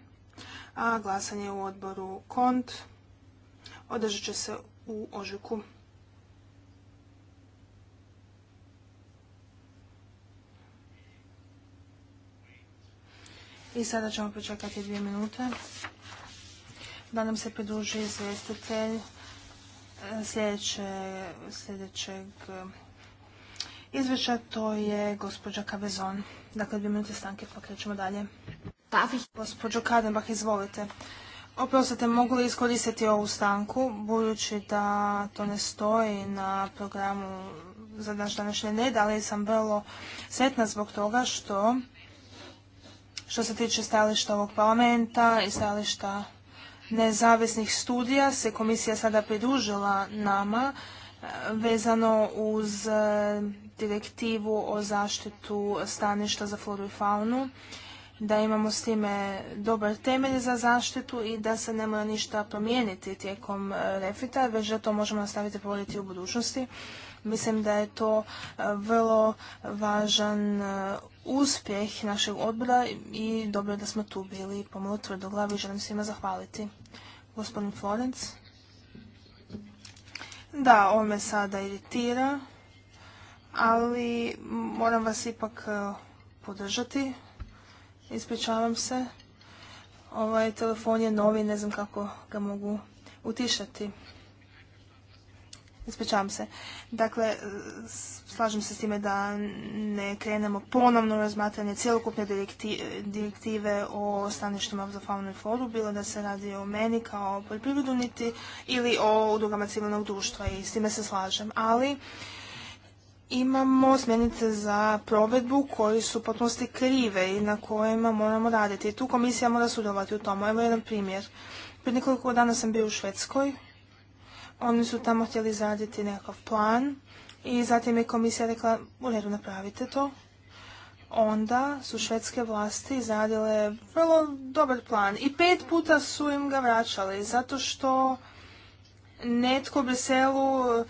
a glasanje u odboru KONT održat će se u ožujku. I sada ćemo počekati dvije minute da nam se pridruži izvjestitelj e, sljedećeg e, izvješća, to je gospođa Kavezon. Dakle, dvije minute stanke pa krećemo dalje. Gospođo Kadenbach, izvolite. Oprostite, mogu li iskoristiti ovu stanku, budući da to ne stoji na programu za današnje današnji ali sam vrlo sretna zbog toga što što se tiče stajališta ovog parlamenta i stajališta nezavisnih studija, se komisija sada pridružila nama e, vezano uz e, direktivu o zaštitu staništa za floru i faunu, da imamo s time dobar temelj za zaštitu i da se ne mora ništa promijeniti tijekom e, refita, već da to možemo nastaviti provoditi u budućnosti. Mislim da je to vrlo važan uspjeh našeg odbora i dobro da smo tu bili pomalo tvrdoglavi i želim svima zahvaliti. Gospodin Florenc. Da, on me sada iritira, ali moram vas ipak e, podržati. Ispričavam se. Ovaj telefon je novi, ne znam kako ga mogu utišati. Ispričavam se. Dakle, slažem se s time da ne krenemo ponovno razmatranje cjelokupne direktive o staništima za faunu i floru, bilo da se radi o meni kao poljoprivredu niti ili o udrugama civilnog društva i s time se slažem. Ali imamo smjernice za provedbu koji su potpunosti krive i na kojima moramo raditi. Tu komisija mora sudjelovati u tomu. Evo jedan primjer. Prije nekoliko dana sam bio u Švedskoj oni su tamo htjeli izraditi nekakav plan i zatim je komisija rekla u redu napravite to. Onda su švedske vlasti izradile vrlo dobar plan i pet puta su im ga vraćali zato što netko u Briselu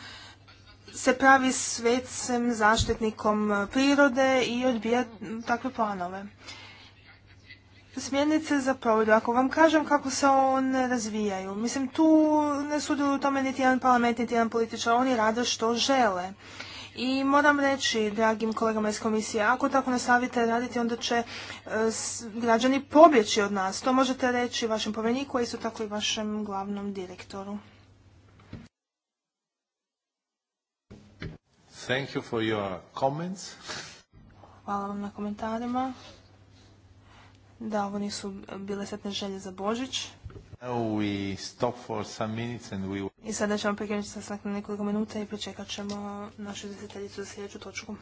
se pravi svecem zaštitnikom prirode i odbija takve planove smjernice za provedbu. Ako vam kažem kako se one razvijaju, mislim tu ne sudjeluju u tome niti jedan parlament, niti jedan političar, oni rade što žele. I moram reći, dragim kolegama iz komisije, ako tako nastavite raditi, onda će e, građani pobjeći od nas. To možete reći vašem povjereniku, a isto tako i vašem glavnom direktoru. Hvala vam na komentarima. Da, ovo nisu bile sretne želje za Božić. I sada ćemo prekrenuti sa na nekoliko minuta i pričekat ćemo našu izvjestiteljicu za sljedeću točku.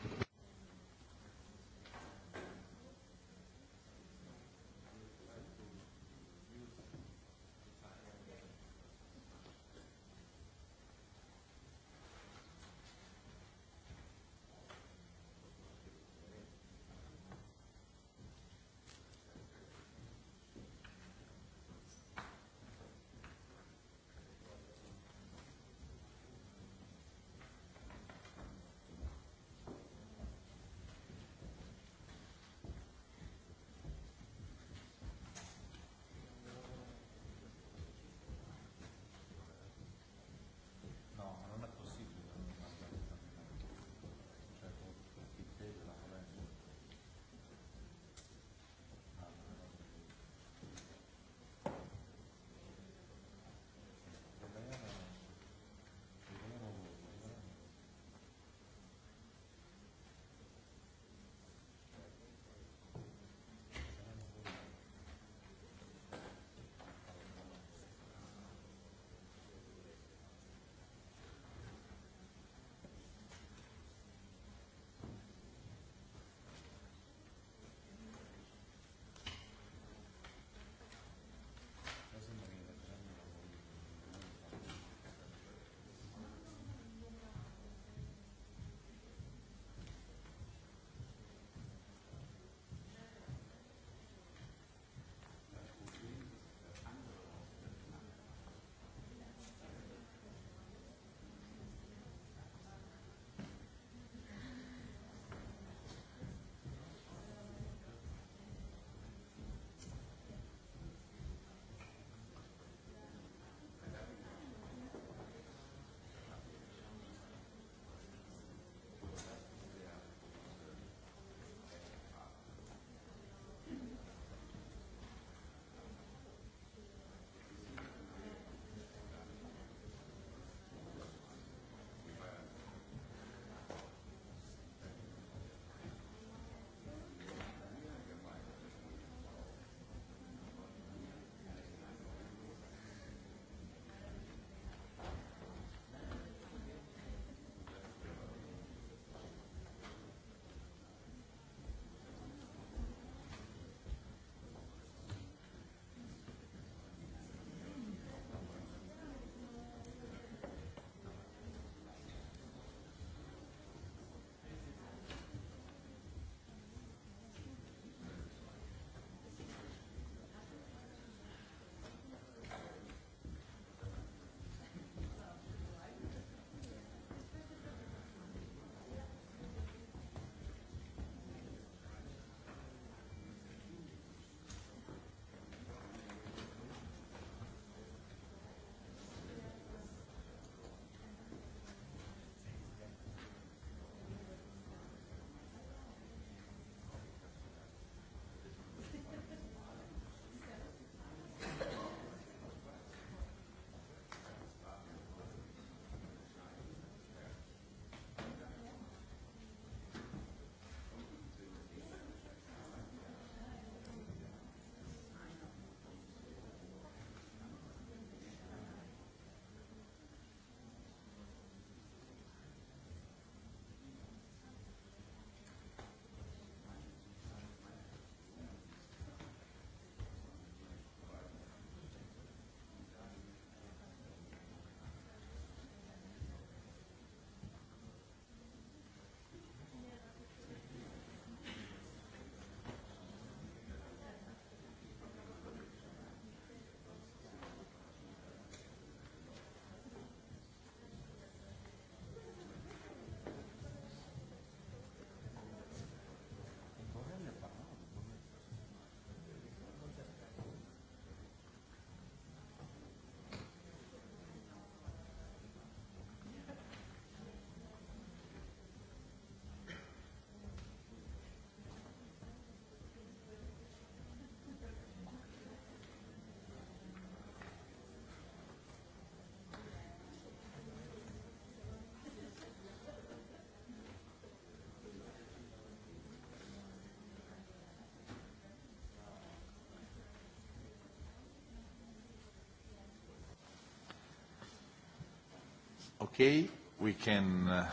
Okay, we can uh,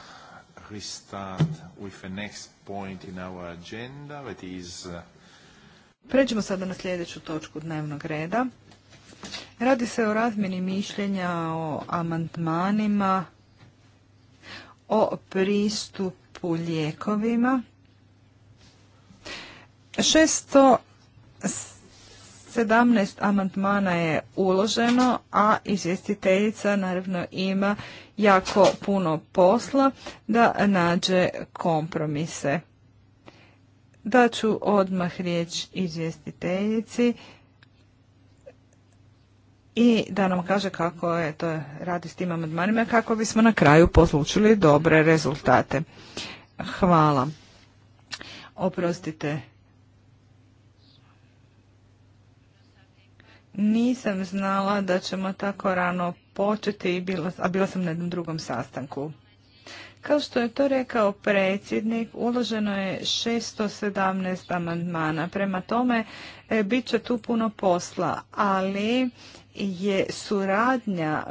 restart with the next point in our agenda that is uh, Pređemo sada na sljedeću točku dnevnog reda. Radi se o razmjeni mišljenja o amandmanima o pristupu lijekovima. šesto Sedamnaest amandmana je uloženo, a izvjestiteljica naravno ima jako puno posla da nađe kompromise. Daću odmah riječ izvjestiteljici i da nam kaže kako je to radi s tim amandmanima kako bismo na kraju poslučili dobre rezultate. Hvala. Oprostite Nisam znala da ćemo tako rano početi, a bila sam na jednom drugom sastanku. Kao što je to rekao predsjednik, uloženo je 617 amandmana. Prema tome, e, bit će tu puno posla, ali je suradnja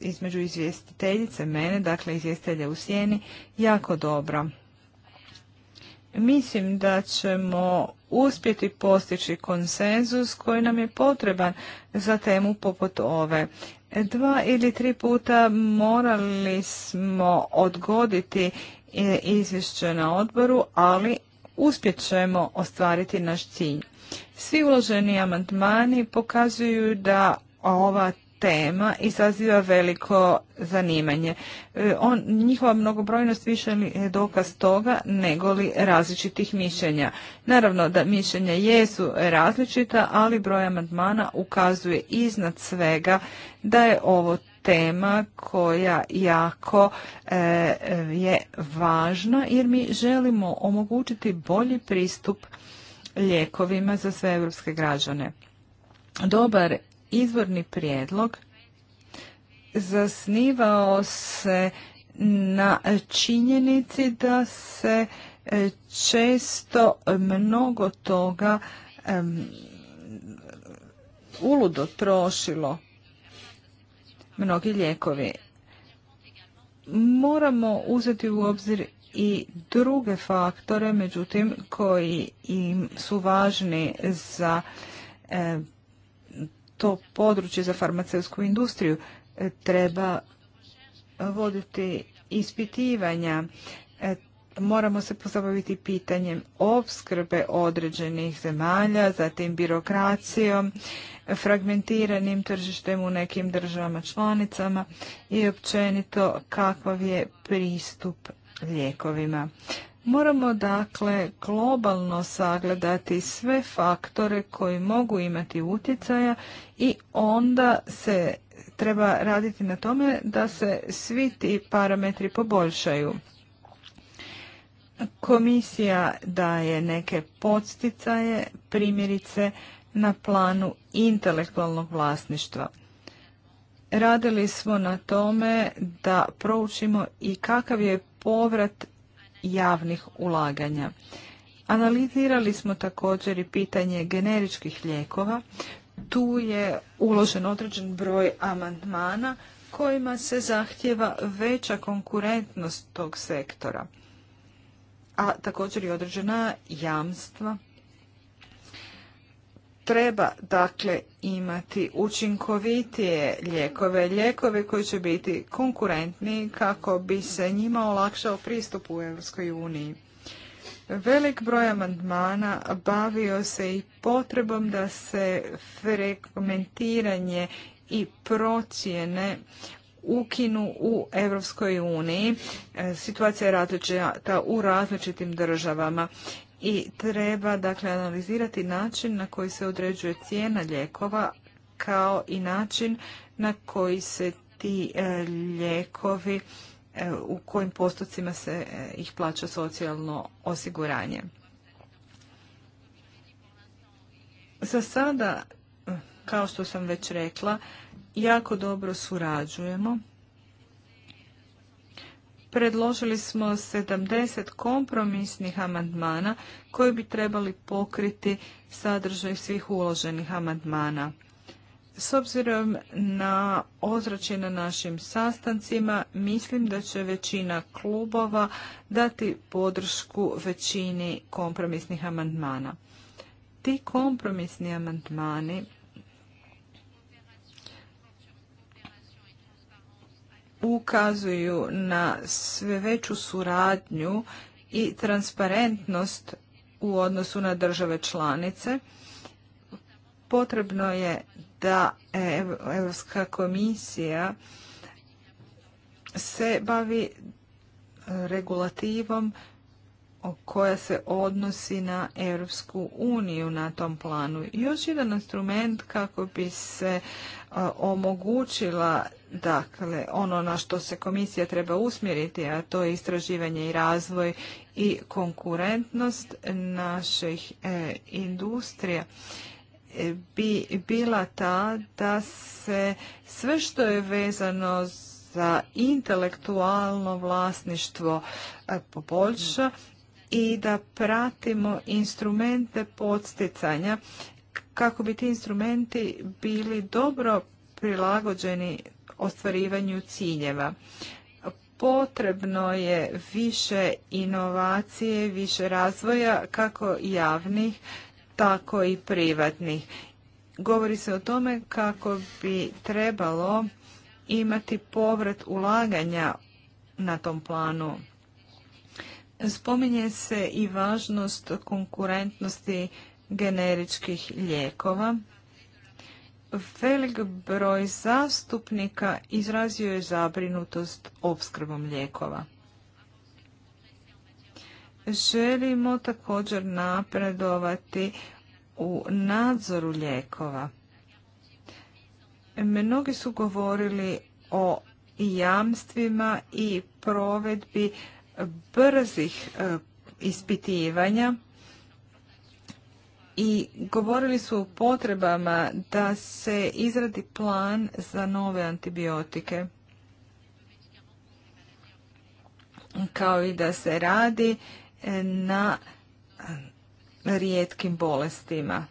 između izvjestiteljice mene, dakle izvjestitelja u sjeni, jako dobra. Mislim da ćemo uspjeti postići konsenzus koji nam je potreban za temu poput ove. Dva ili tri puta morali smo odgoditi e, izvješće na odboru, ali uspjet ćemo ostvariti naš cilj. Svi uloženi amandmani pokazuju da ova tema izaziva veliko zanimanje. E, on, njihova mnogobrojnost više je dokaz toga nego različitih mišljenja. Naravno da mišljenja jesu različita, ali broj amandmana ukazuje iznad svega da je ovo tema koja jako e, je važna jer mi želimo omogućiti bolji pristup lijekovima za sve europske građane. Dobar izvorni prijedlog zasnivao se na činjenici da se e, često mnogo toga um, uludo trošilo mnogi lijekovi. Moramo uzeti u obzir i druge faktore, međutim, koji im su važni za to područje za farmaceutsku industriju. E, treba voditi ispitivanja, e, moramo se pozabaviti pitanjem opskrbe određenih zemalja, zatim birokracijom, fragmentiranim tržištem u nekim državama članicama i općenito kakav je pristup lijekovima. Moramo dakle globalno sagledati sve faktore koji mogu imati utjecaja i onda se treba raditi na tome da se svi ti parametri poboljšaju. Komisija daje neke podsticaje, primjerice na planu intelektualnog vlasništva. Radili smo na tome da proučimo i kakav je povrat javnih ulaganja. Analizirali smo također i pitanje generičkih lijekova. Tu je uložen određen broj amandmana kojima se zahtjeva veća konkurentnost tog sektora, a također i određena jamstva Treba dakle imati učinkovitije lijekove, lijekove koji će biti konkurentni kako bi se njima olakšao pristup u Europskoj uniji. Velik broj amandmana bavio se i potrebom da se frekventiranje i procjene ukinu u Europskoj uniji. E, situacija je različita u različitim državama i treba dakle analizirati način na koji se određuje cijena lijekova kao i način na koji se ti e, lijekovi e, u kojim postocima se e, ih plaća socijalno osiguranje. Za sada, kao što sam već rekla, jako dobro surađujemo predložili smo 70 kompromisnih amandmana koji bi trebali pokriti sadržaj svih uloženih amandmana. S obzirom na ozračje na našim sastancima, mislim da će većina klubova dati podršku većini kompromisnih amandmana. Ti kompromisni amandmani ukazuju na sve veću suradnju i transparentnost u odnosu na države članice. Potrebno je da Europska komisija se bavi e, regulativom koja se odnosi na Europsku uniju na tom planu. Još jedan instrument kako bi se e, omogućila Dakle, ono na što se komisija treba usmjeriti, a to je istraživanje i razvoj i konkurentnost naših e, industrija, e, bi bila ta da se sve što je vezano za intelektualno vlasništvo e, poboljša i da pratimo instrumente podsticanja kako bi ti instrumenti bili dobro prilagođeni ostvarivanju ciljeva. Potrebno je više inovacije, više razvoja kako javnih, tako i privatnih. Govori se o tome kako bi trebalo imati povrat ulaganja na tom planu. Spominje se i važnost konkurentnosti generičkih lijekova velik broj zastupnika izrazio je zabrinutost opskrbom lijekova. Želimo također napredovati u nadzoru lijekova. Mnogi su govorili o jamstvima i provedbi brzih e, ispitivanja i govorili su o potrebama da se izradi plan za nove antibiotike. Kao i da se radi e, na e, rijetkim bolestima.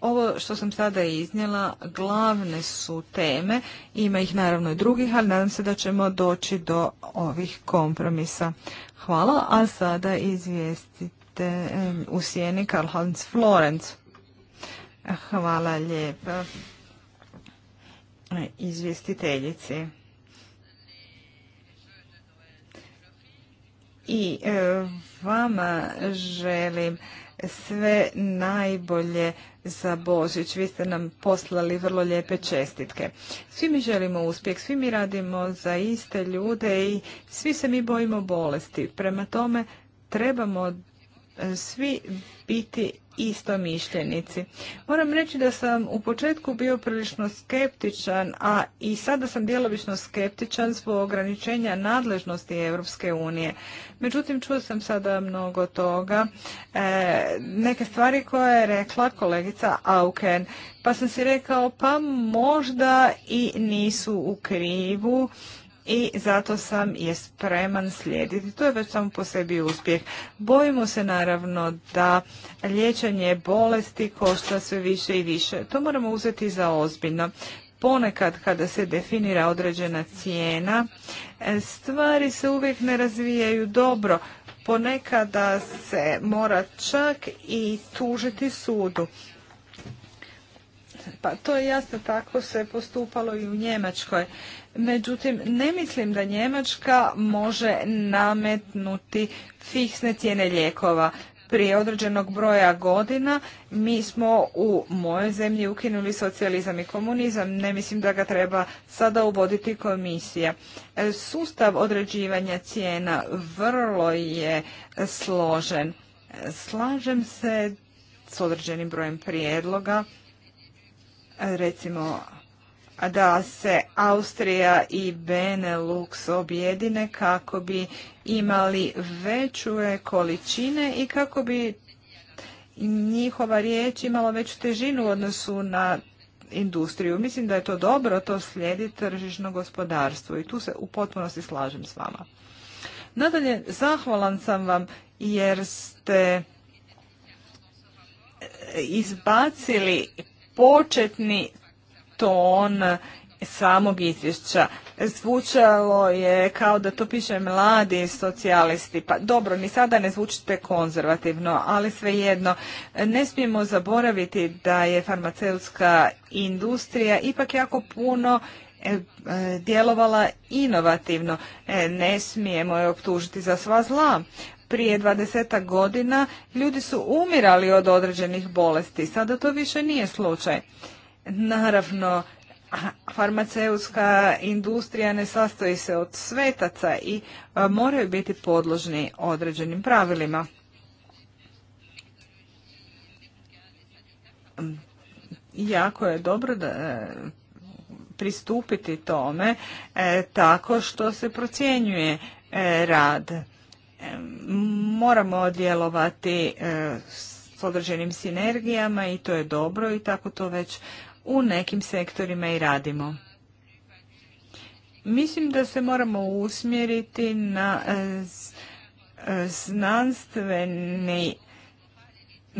Ovo što sam sada iznijela, glavne su teme, ima ih naravno i drugih, ali nadam se da ćemo doći do ovih kompromisa. Hvala, a sada izvijestite u sjeni karl Florenc. Hvala lijepa e, izvjestiteljici. I e, vama želim sve najbolje za Božić. Vi ste nam poslali vrlo lijepe čestitke. Svi mi želimo uspjeh, svi mi radimo za iste ljude i svi se mi bojimo bolesti. Prema tome trebamo svi biti isto mišljenici. Moram reći da sam u početku bio prilično skeptičan, a i sada sam djelovično skeptičan zbog ograničenja nadležnosti Europske unije. Međutim, čuo sam sada mnogo toga. E, neke stvari koje je rekla kolegica Auken. Pa sam si rekao, pa možda i nisu u krivu i zato sam je spreman slijediti. To je već samo po sebi uspjeh. Bojimo se naravno da liječenje bolesti košta sve više i više. To moramo uzeti za ozbiljno. Ponekad kada se definira određena cijena, stvari se uvijek ne razvijaju dobro. Ponekada se mora čak i tužiti sudu. Pa to je jasno, tako se postupalo i u Njemačkoj. Međutim, ne mislim da Njemačka može nametnuti fiksne cijene lijekova. Prije određenog broja godina mi smo u mojoj zemlji ukinuli socijalizam i komunizam. Ne mislim da ga treba sada uvoditi komisija. E, sustav određivanja cijena vrlo je složen. Slažem se s određenim brojem prijedloga recimo da se Austrija i Benelux objedine kako bi imali veću količine i kako bi njihova riječ imala veću težinu u odnosu na industriju. Mislim da je to dobro, to slijedi tržišno gospodarstvo i tu se u potpunosti slažem s vama. Nadalje, zahvalan sam vam jer ste izbacili početni ton samog izvješća. Zvučalo je kao da to piše mladi socijalisti. Pa dobro, ni sada ne zvučite konzervativno, ali svejedno. Ne smijemo zaboraviti da je farmaceutska industrija ipak jako puno E, e, djelovala inovativno. E, ne smijemo je optužiti za sva zla. Prije 20 godina ljudi su umirali od određenih bolesti, sada to više nije slučaj. Naravno, farmaceutska industrija ne sastoji se od svetaca i moraju biti podložni određenim pravilima. Jako je dobro da pristupiti tome e, tako što se procjenjuje e, rad. E, moramo djelovati s određenim sinergijama i to je dobro i tako to već u nekim sektorima i radimo. Mislim da se moramo usmjeriti na znanstveni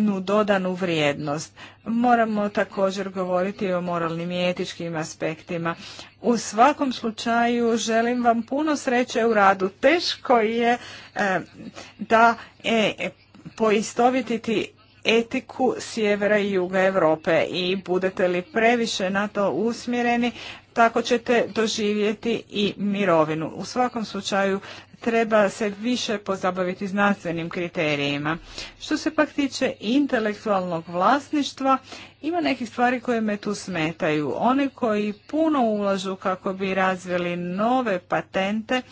dodanu vrijednost. Moramo također govoriti o moralnim i etičkim aspektima. U svakom slučaju želim vam puno sreće u radu. Teško je e, da e, poistovititi etiku sjevera i juga Europe i budete li previše na to usmjereni, tako ćete doživjeti i mirovinu. U svakom slučaju treba se više pozabaviti znanstvenim kriterijima. Što se pak tiče intelektualnog vlasništva, ima nekih stvari koje me tu smetaju. One koji puno ulažu kako bi razvili nove patente,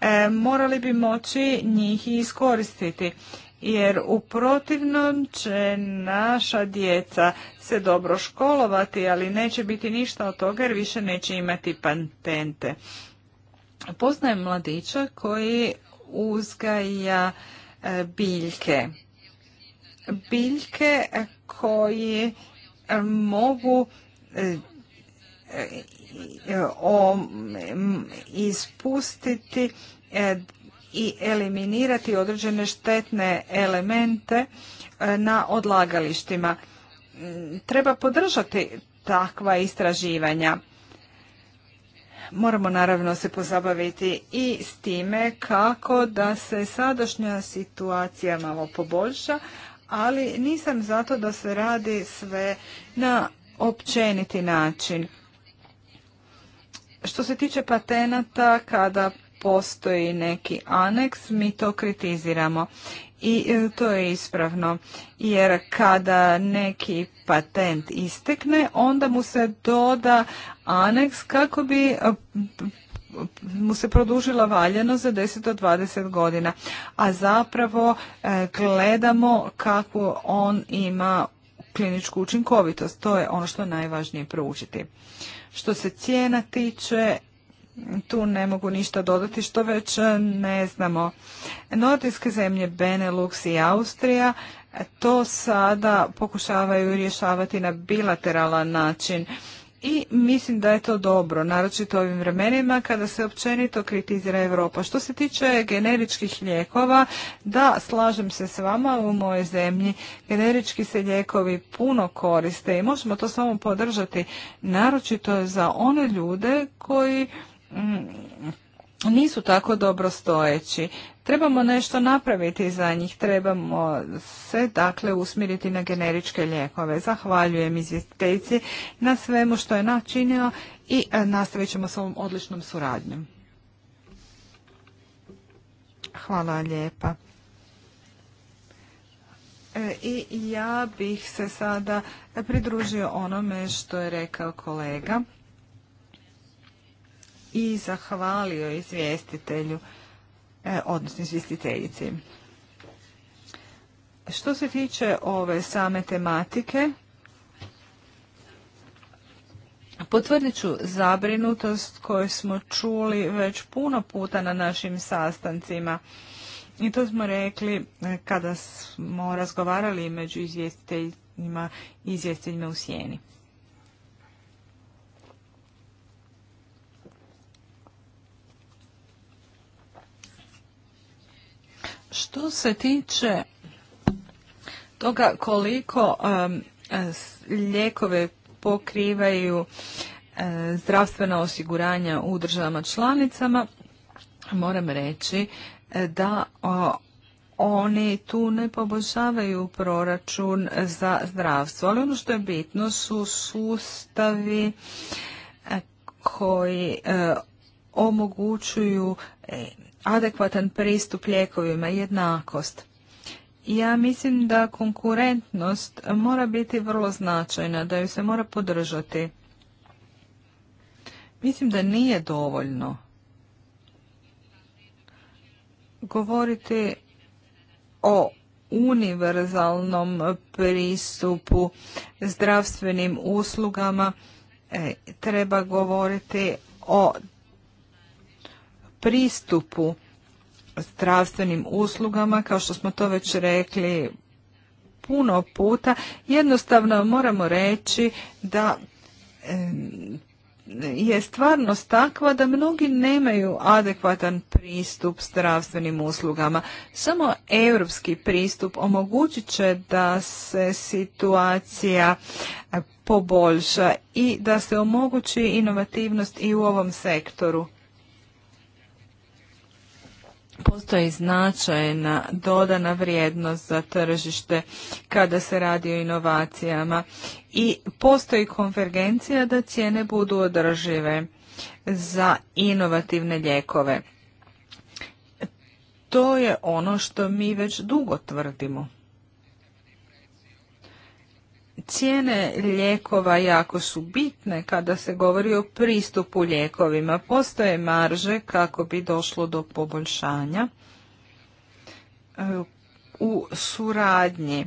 e, morali bi moći njih i iskoristiti. Jer u protivnom će naša djeca se dobro školovati, ali neće biti ništa od toga jer više neće imati patente. Poznajem mladića koji uzgaja e, biljke. Biljke koji e, mogu e, ispustiti i eliminirati određene štetne elemente na odlagalištima. Treba podržati takva istraživanja moramo naravno se pozabaviti i s time kako da se sadašnja situacija malo poboljša, ali nisam zato da se radi sve na općeniti način. Što se tiče patenata, kada postoji neki aneks, mi to kritiziramo i e, to je ispravno jer kada neki patent istekne onda mu se doda aneks kako bi e, mu se produžila valjano za 10 do 20 godina, a zapravo e, gledamo kako on ima kliničku učinkovitost. To je ono što je najvažnije proučiti. Što se cijena tiče, tu ne mogu ništa dodati što već e, ne znamo. Nordijske zemlje Benelux i Austrija e, to sada pokušavaju rješavati na bilateralan način. I mislim da je to dobro, naročito ovim vremenima kada se općenito kritizira Europa. Što se tiče generičkih lijekova, da, slažem se s vama u mojoj zemlji. Generički se lijekovi puno koriste i možemo to samo podržati, naročito za one ljude koji Mm, nisu tako dobro stojeći. Trebamo nešto napraviti za njih, trebamo se dakle usmjeriti na generičke lijekove. Zahvaljujem izvjestiteljici na svemu što je načinio i e, nastavit ćemo s ovom odličnom suradnjom. Hvala lijepa. E, I ja bih se sada pridružio onome što je rekao kolega i zahvalio izvjestitelju, e, odnosno izvjestiteljici. Što se tiče ove same tematike, Potvrdit ću zabrinutost koju smo čuli već puno puta na našim sastancima. I to smo rekli e, kada smo razgovarali među izvjestiteljima i izvjestiteljima u sjeni. Što se tiče toga koliko lijekove ljekove pokrivaju zdravstvena osiguranja u državama članicama, moram reći e, da oni tu ne poboljšavaju proračun za zdravstvo. Ali ono što je bitno su sustavi e, koji e, omogućuju adekvatan pristup lijekovima, jednakost. Ja mislim da konkurentnost mora biti vrlo značajna, da ju se mora podržati. Mislim da nije dovoljno govoriti o univerzalnom pristupu zdravstvenim uslugama. E, treba govoriti o pristupu zdravstvenim uslugama, kao što smo to već rekli puno puta, jednostavno moramo reći da je stvarnost takva da mnogi nemaju adekvatan pristup zdravstvenim uslugama. Samo europski pristup omogućit će da se situacija poboljša i da se omogući inovativnost i u ovom sektoru postoji značajna dodana vrijednost za tržište kada se radi o inovacijama i postoji konvergencija da cijene budu održive za inovativne ljekove. To je ono što mi već dugo tvrdimo. Cijene lijekova jako su bitne kada se govori o pristupu lijekovima. Postoje marže kako bi došlo do poboljšanja e, u suradnji.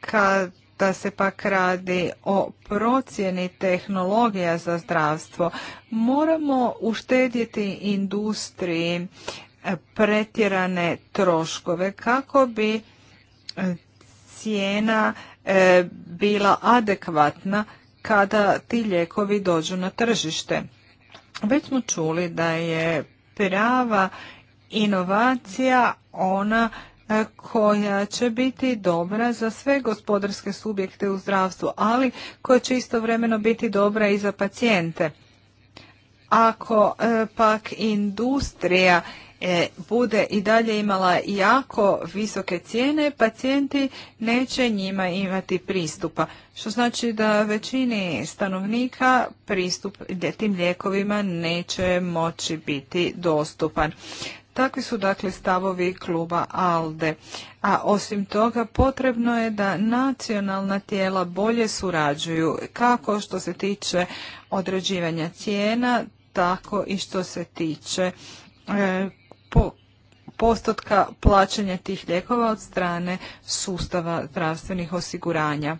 Kada se pak radi o procjeni tehnologija za zdravstvo, moramo uštedjeti industriji e, pretjerane troškove kako bi e, cijena E, bila adekvatna kada ti lijekovi dođu na tržište. Već smo čuli da je prava inovacija ona e, koja će biti dobra za sve gospodarske subjekte u zdravstvu, ali koja će istovremeno biti dobra i za pacijente. Ako e, pak industrija e, bude i dalje imala jako visoke cijene, pacijenti neće njima imati pristupa, što znači da većini stanovnika pristup tim lijekovima neće moći biti dostupan. Takvi su dakle stavovi kluba ALDE. A osim toga potrebno je da nacionalna tijela bolje surađuju kako što se tiče određivanja cijena, tako i što se tiče e, postotka plaćanja tih lijekova od strane sustava zdravstvenih osiguranja.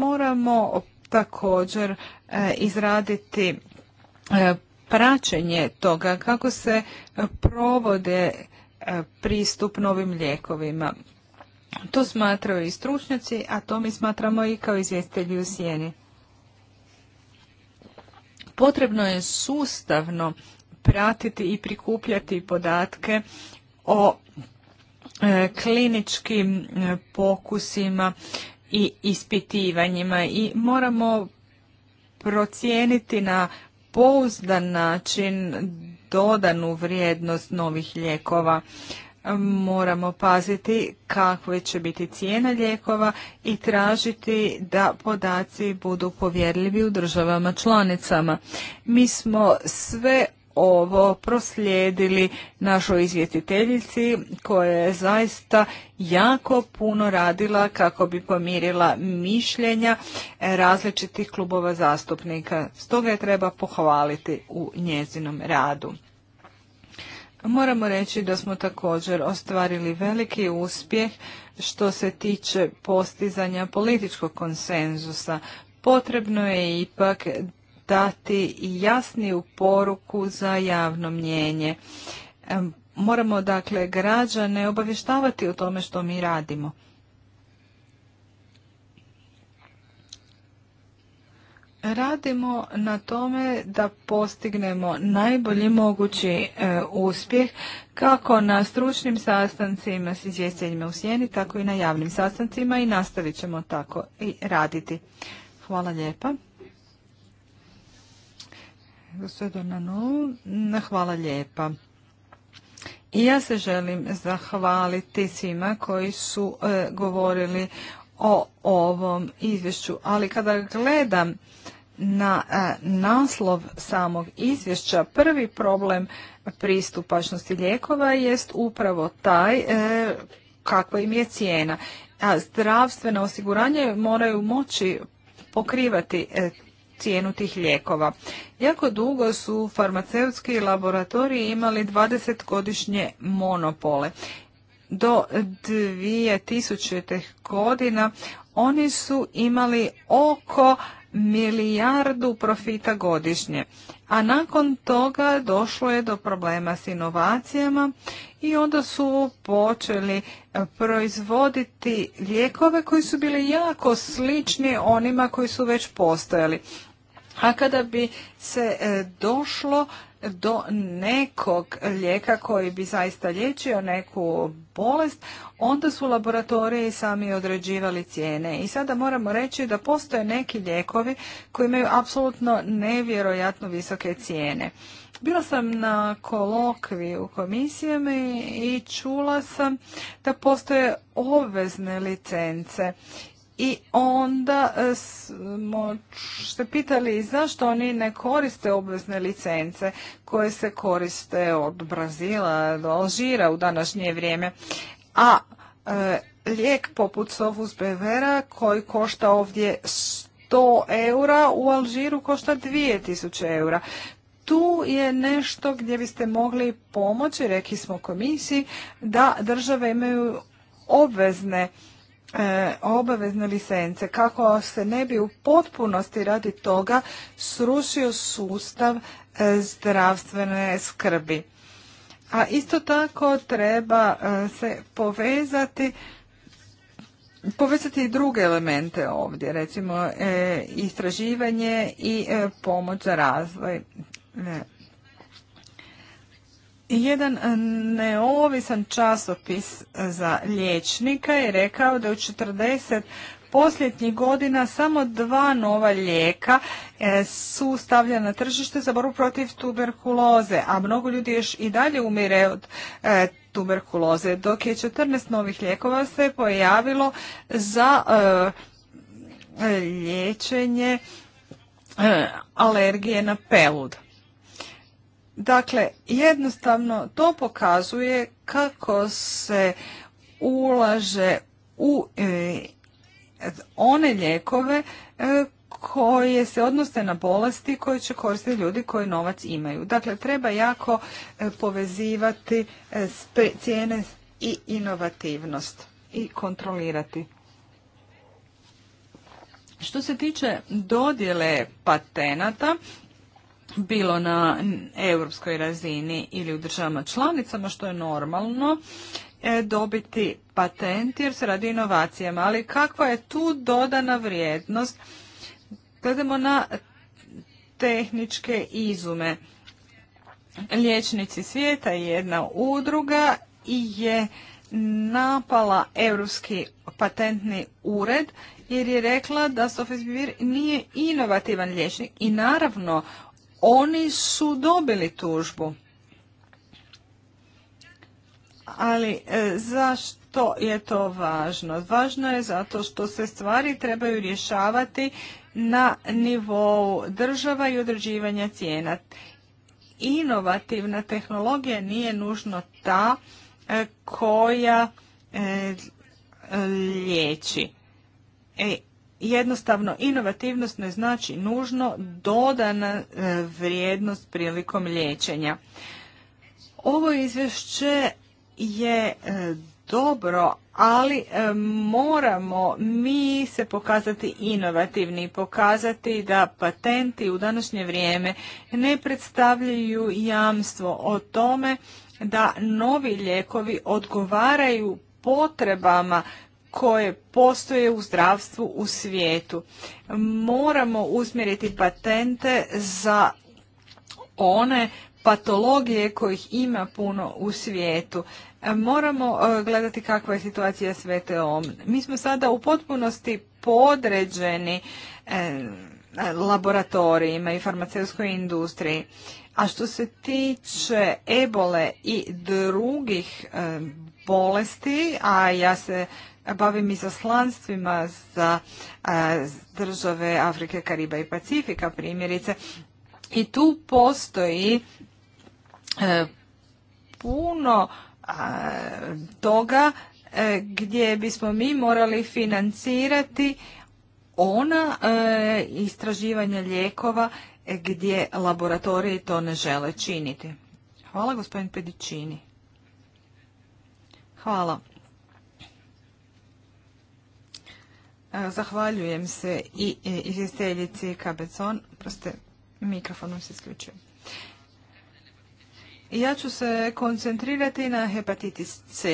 Moramo također e, izraditi e, praćenje toga kako se provode pristup novim lijekovima. To smatraju i stručnjaci, a to mi smatramo i kao izvjestelji u sjeni. Potrebno je sustavno pratiti i prikupljati podatke o e, kliničkim e, pokusima i ispitivanjima i moramo procijeniti na pouzdan način dodanu vrijednost novih lijekova moramo paziti kakve će biti cijena lijekova i tražiti da podaci budu povjerljivi u državama članicama. Mi smo sve ovo proslijedili našoj izvjetiteljici koja je zaista jako puno radila kako bi pomirila mišljenja različitih klubova zastupnika. Stoga je treba pohvaliti u njezinom radu. Moramo reći da smo također ostvarili veliki uspjeh što se tiče postizanja političkog konsenzusa. Potrebno je ipak dati jasniju poruku za javno mnjenje. Moramo dakle građane obavještavati o tome što mi radimo. radimo na tome da postignemo najbolji mogući e, uspjeh kako na stručnim sastancima s izvjestiteljima u sjeni, tako i na javnim sastancima i nastavit ćemo tako i raditi. Hvala lijepa. Hvala lijepa. I ja se želim zahvaliti svima koji su e, govorili o ovom izvješću, ali kada gledam na e, naslov samog izvješća, prvi problem pristupačnosti lijekova jest upravo taj e, kakva im je cijena. A osiguranje moraju moći pokrivati e, cijenu tih lijekova. Jako dugo su farmaceutski laboratoriji imali 20-godišnje monopole do 2000. godina oni su imali oko milijardu profita godišnje. A nakon toga došlo je do problema s inovacijama i onda su počeli eh, proizvoditi lijekove koji su bili jako slični onima koji su već postojali. A kada bi se eh, došlo do nekog lijeka koji bi zaista liječio neku bolest, onda su laboratoriji sami određivali cijene. I sada moramo reći da postoje neki lijekovi koji imaju apsolutno nevjerojatno visoke cijene. Bila sam na kolokvi u komisijama i čula sam da postoje obvezne licence i onda e, smo se pitali zašto oni ne koriste obvezne licence koje se koriste od Brazila do Alžira u današnje vrijeme. A e, lijek poput Sofus Bevera koji košta ovdje 100 eura u Alžiru košta 2000 eura. Tu je nešto gdje biste mogli pomoći, rekli smo komisiji, da države imaju obvezne E, obavezne licence kako se ne bi u potpunosti radi toga srušio sustav e, zdravstvene skrbi. A isto tako treba e, se povezati povezati i druge elemente ovdje, recimo istraživanje i pomoć za razvoj jedan eh, neovisan časopis eh, za liječnika je rekao da u 40 posljednjih godina samo dva nova lijeka eh, su stavljena na tržište za borbu protiv tuberkuloze, a mnogo ljudi još i dalje umire od tuberkuloze, dok je 14 novih lijekova se pojavilo za liječenje alergije na pelud. Dakle, jednostavno to pokazuje kako se ulaže u e, one lijekove e, koje se odnose na bolesti koje će koristiti ljudi koji novac imaju. Dakle, treba jako e, povezivati e, cijene i inovativnost i kontrolirati. Što se tiče dodjele patenata, bilo na europskoj razini ili u državama članicama, što je normalno, e, dobiti patent jer se radi inovacijama. Ali kakva je tu dodana vrijednost? Gledamo na tehničke izume. Liječnici svijeta je jedna udruga i je napala Europski patentni ured jer je rekla da sofisbir nije inovativan liječnik i naravno oni su dobili tužbu. Ali e, zašto je to važno? Važno je zato što se stvari trebaju rješavati na nivou država i određivanja cijena. Inovativna tehnologija nije nužno ta e, koja e, liječi. E, jednostavno inovativnost ne znači nužno dodana e, vrijednost prilikom liječenja. Ovo izvješće je e, dobro, ali e, moramo mi se pokazati inovativni, pokazati da patenti u današnje vrijeme ne predstavljaju jamstvo o tome da novi lijekovi odgovaraju potrebama koje postoje u zdravstvu u svijetu. Moramo usmjeriti patente za one patologije kojih ima puno u svijetu. Moramo e, gledati kakva je situacija s vto Mi smo sada u potpunosti podređeni e, laboratorijima i farmaceutskoj industriji. A što se tiče ebole i drugih e, bolesti, a ja se bavim izaslanstvima za države Afrike, Kariba i Pacifika primjerice. I tu postoji e, puno toga e, gdje bismo mi morali financirati ona e, istraživanja lijekova gdje laboratoriji to ne žele činiti. Hvala gospodin Pedičini. Hvala. E, zahvaljujem se i e, izvjestiteljici Kabecon. Proste, mikrofon se isključuje. Ja ću se koncentrirati na hepatitis C.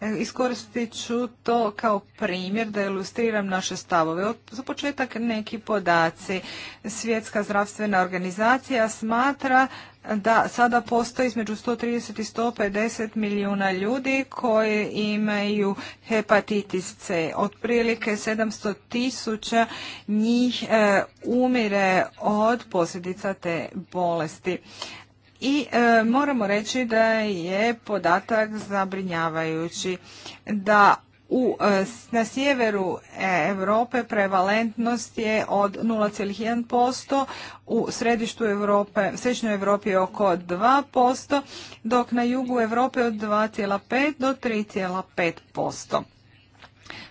E, iskoristit ću to kao primjer da ilustriram naše stavove. Za početak neki podaci. Svjetska zdravstvena organizacija smatra da sada postoji između 130 i 150 milijuna ljudi koji imaju hepatitis C. Otprilike 700 tisuća njih e, umire od posljedica te bolesti i e, moramo reći da je podatak zabrinjavajući da u, e, na sjeveru e, Europe prevalentnost je od 0,1%, u središtu Europe, središnjoj Europi oko 2%, dok na jugu Europe od 2,5 do 3,5%.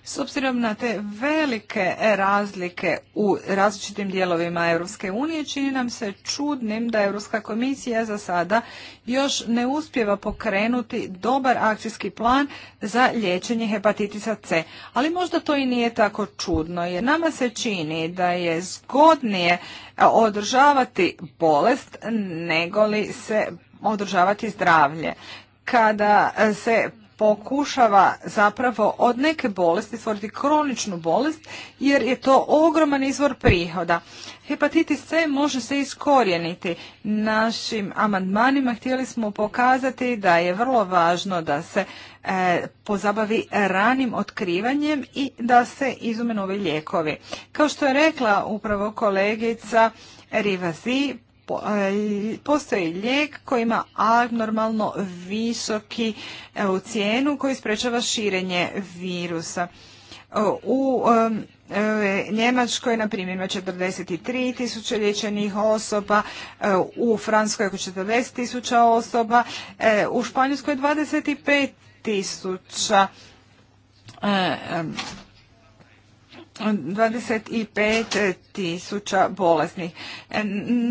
S obzirom na te velike razlike u različitim dijelovima Europske unije, čini nam se čudnim da Europska komisija za sada još ne uspjeva pokrenuti dobar akcijski plan za liječenje hepatitisa C. Ali možda to i nije tako čudno, jer nama se čini da je zgodnije održavati bolest nego li se održavati zdravlje kada se pokušava zapravo od neke bolesti stvoriti kroničnu bolest jer je to ogroman izvor prihoda. Hepatitis C može se iskorijeniti. Našim amandmanima htjeli smo pokazati da je vrlo važno da se e, pozabavi ranim otkrivanjem i da se izume ovi lijekovi. Kao što je rekla upravo kolegica Rivazi, E, postoji lijek koji ima abnormalno visoki e, cijenu koji sprečava širenje virusa. E, u Njemačkoj, na primjer, ima 43 tisuće liječenih osoba, u Francuskoj oko 40 tisuća osoba, u Španjolskoj 25 tisuća 25 tisuća bolesnih.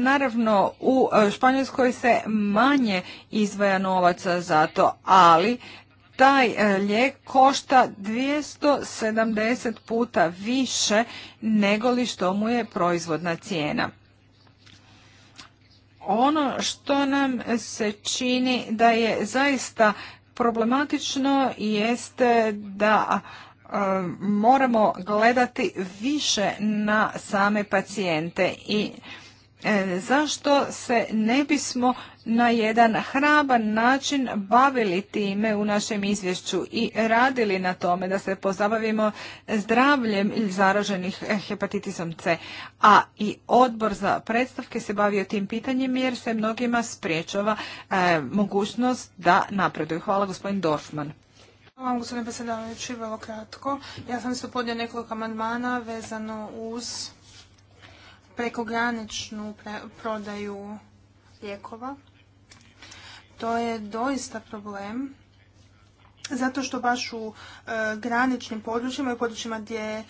Naravno, u e, Španjolskoj se manje izvaja novaca za to, ali taj e, lijek košta 270 puta više nego li što mu je proizvodna cijena. Ono što nam se čini da je zaista problematično jeste da E, moramo gledati više na same pacijente i e, zašto se ne bismo na jedan hraban način bavili time u našem izvješću i radili na tome da se pozabavimo zdravljem zaraženih e, hepatitisom C. A i odbor za predstavke se bavio tim pitanjem jer se mnogima spriječava mogućnost da napreduju. Hvala gospodin Dorfman. Hvala vam, gospodine predsjedavajući, vrlo kratko. Ja sam isto podnio nekoliko amandmana vezano uz prekograničnu prodaju lijekova. To je doista problem, zato što baš u e, graničnim područjima i područjima gdje e,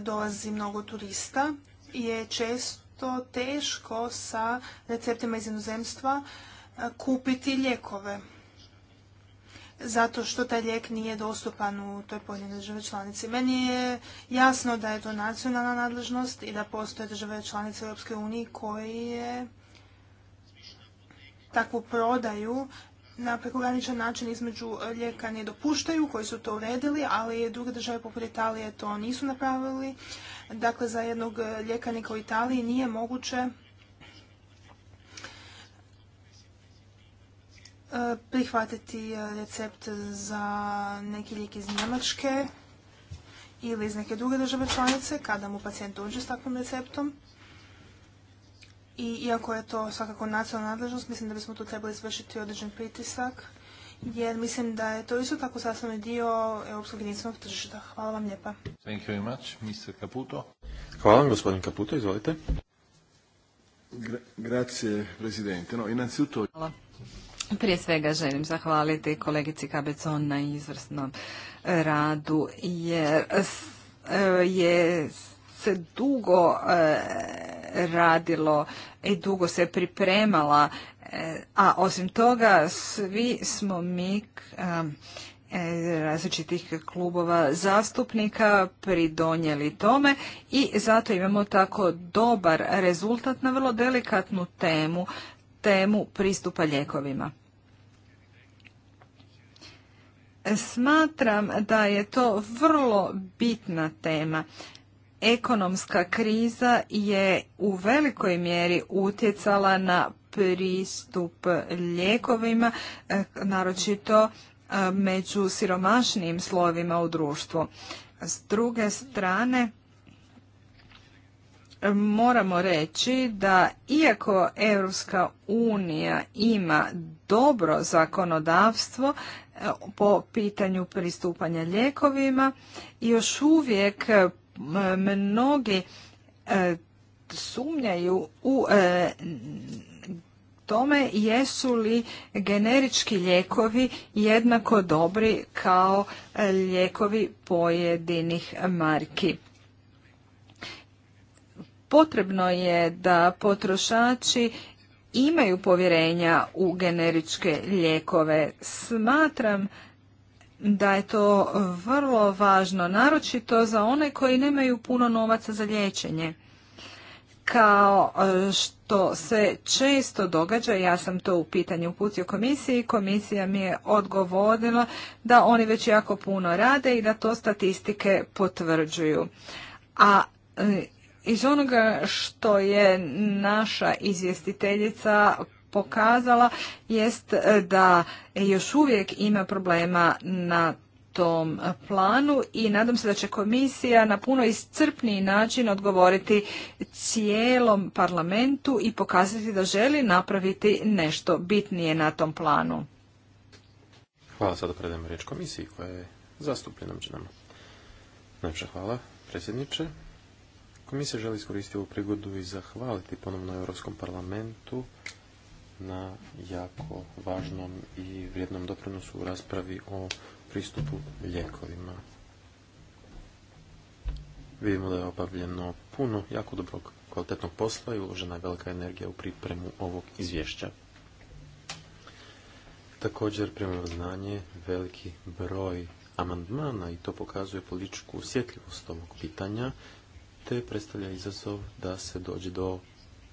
dolazi mnogo turista je često teško sa receptima iz inozemstva e, kupiti lijekove zato što taj lijek nije dostupan u toj pojedinoj državi članici. Meni je jasno da je to nacionalna nadležnost i da postoje države članice Europske unije koje takvu prodaju na prekograničan način između lijeka ne dopuštaju, koji su to uredili, ali druge države poput Italije to nisu napravili. Dakle, za jednog ljekarnika u Italiji nije moguće E, prihvatiti e, recept za neki lijek iz Njemačke ili iz neke druge države članice kada mu pacijent dođe s takvim receptom. I iako je to svakako nacionalna nadležnost, mislim da bismo tu trebali izvršiti određen pritisak, jer mislim da je to isto tako sastavni dio europskog jedinstvenog tržišta. Hvala vam lijepa. Thank you much, Caputo. Hvala vam, gospodin Caputo, izvolite. grazie, presidente. No, Hvala. Prije svega želim zahvaliti kolegici Kabecon na izvrsnom e, radu jer e, je se dugo e, radilo i dugo se pripremala, a osim toga svi smo mi različitih klubova zastupnika pridonijeli tome i zato imamo tako dobar rezultat na vrlo delikatnu temu temu pristupa ljekovima. Smatram da je to vrlo bitna tema. Ekonomska kriza je u velikoj mjeri utjecala na pristup ljekovima, naročito eh, među siromašnijim slovima u društvu. S druge strane, moramo reći da iako Europska unija ima dobro zakonodavstvo e, po pitanju pristupanja ljekovima, još uvijek e, mnogi e, sumnjaju u tome jesu li generički lijekovi jednako dobri kao lijekovi pojedinih marki. Potrebno je da potrošači imaju povjerenja u generičke lijekove. Smatram da je to vrlo važno, naročito za one koji nemaju puno novaca za liječenje. Kao e, što se često događa, ja sam to u pitanju uputio komisiji, komisija mi je odgovorila da oni već jako puno rade i da to statistike potvrđuju. A e, iz onoga što je naša izvjestiteljica pokazala jest e, da još uvijek ima problema na tom planu i nadam se da će komisija na puno iscrpniji način odgovoriti cijelom parlamentu i pokazati da želi napraviti nešto bitnije na tom planu. Hvala, sada riječ komisiji koja je među nama. hvala, predsjedniče. Komisija želi iskoristiti ovu prigodu i zahvaliti ponovno Europskom parlamentu na jako važnom i vrijednom doprinosu u raspravi o pristupu lijekovima. Vidimo da je obavljeno puno jako dobrog kvalitetnog posla i uložena je velika energija u pripremu ovog izvješća. Također primamo znanje veliki broj amandmana i to pokazuje političku osjetljivost ovog pitanja te predstavlja izazov da se dođe do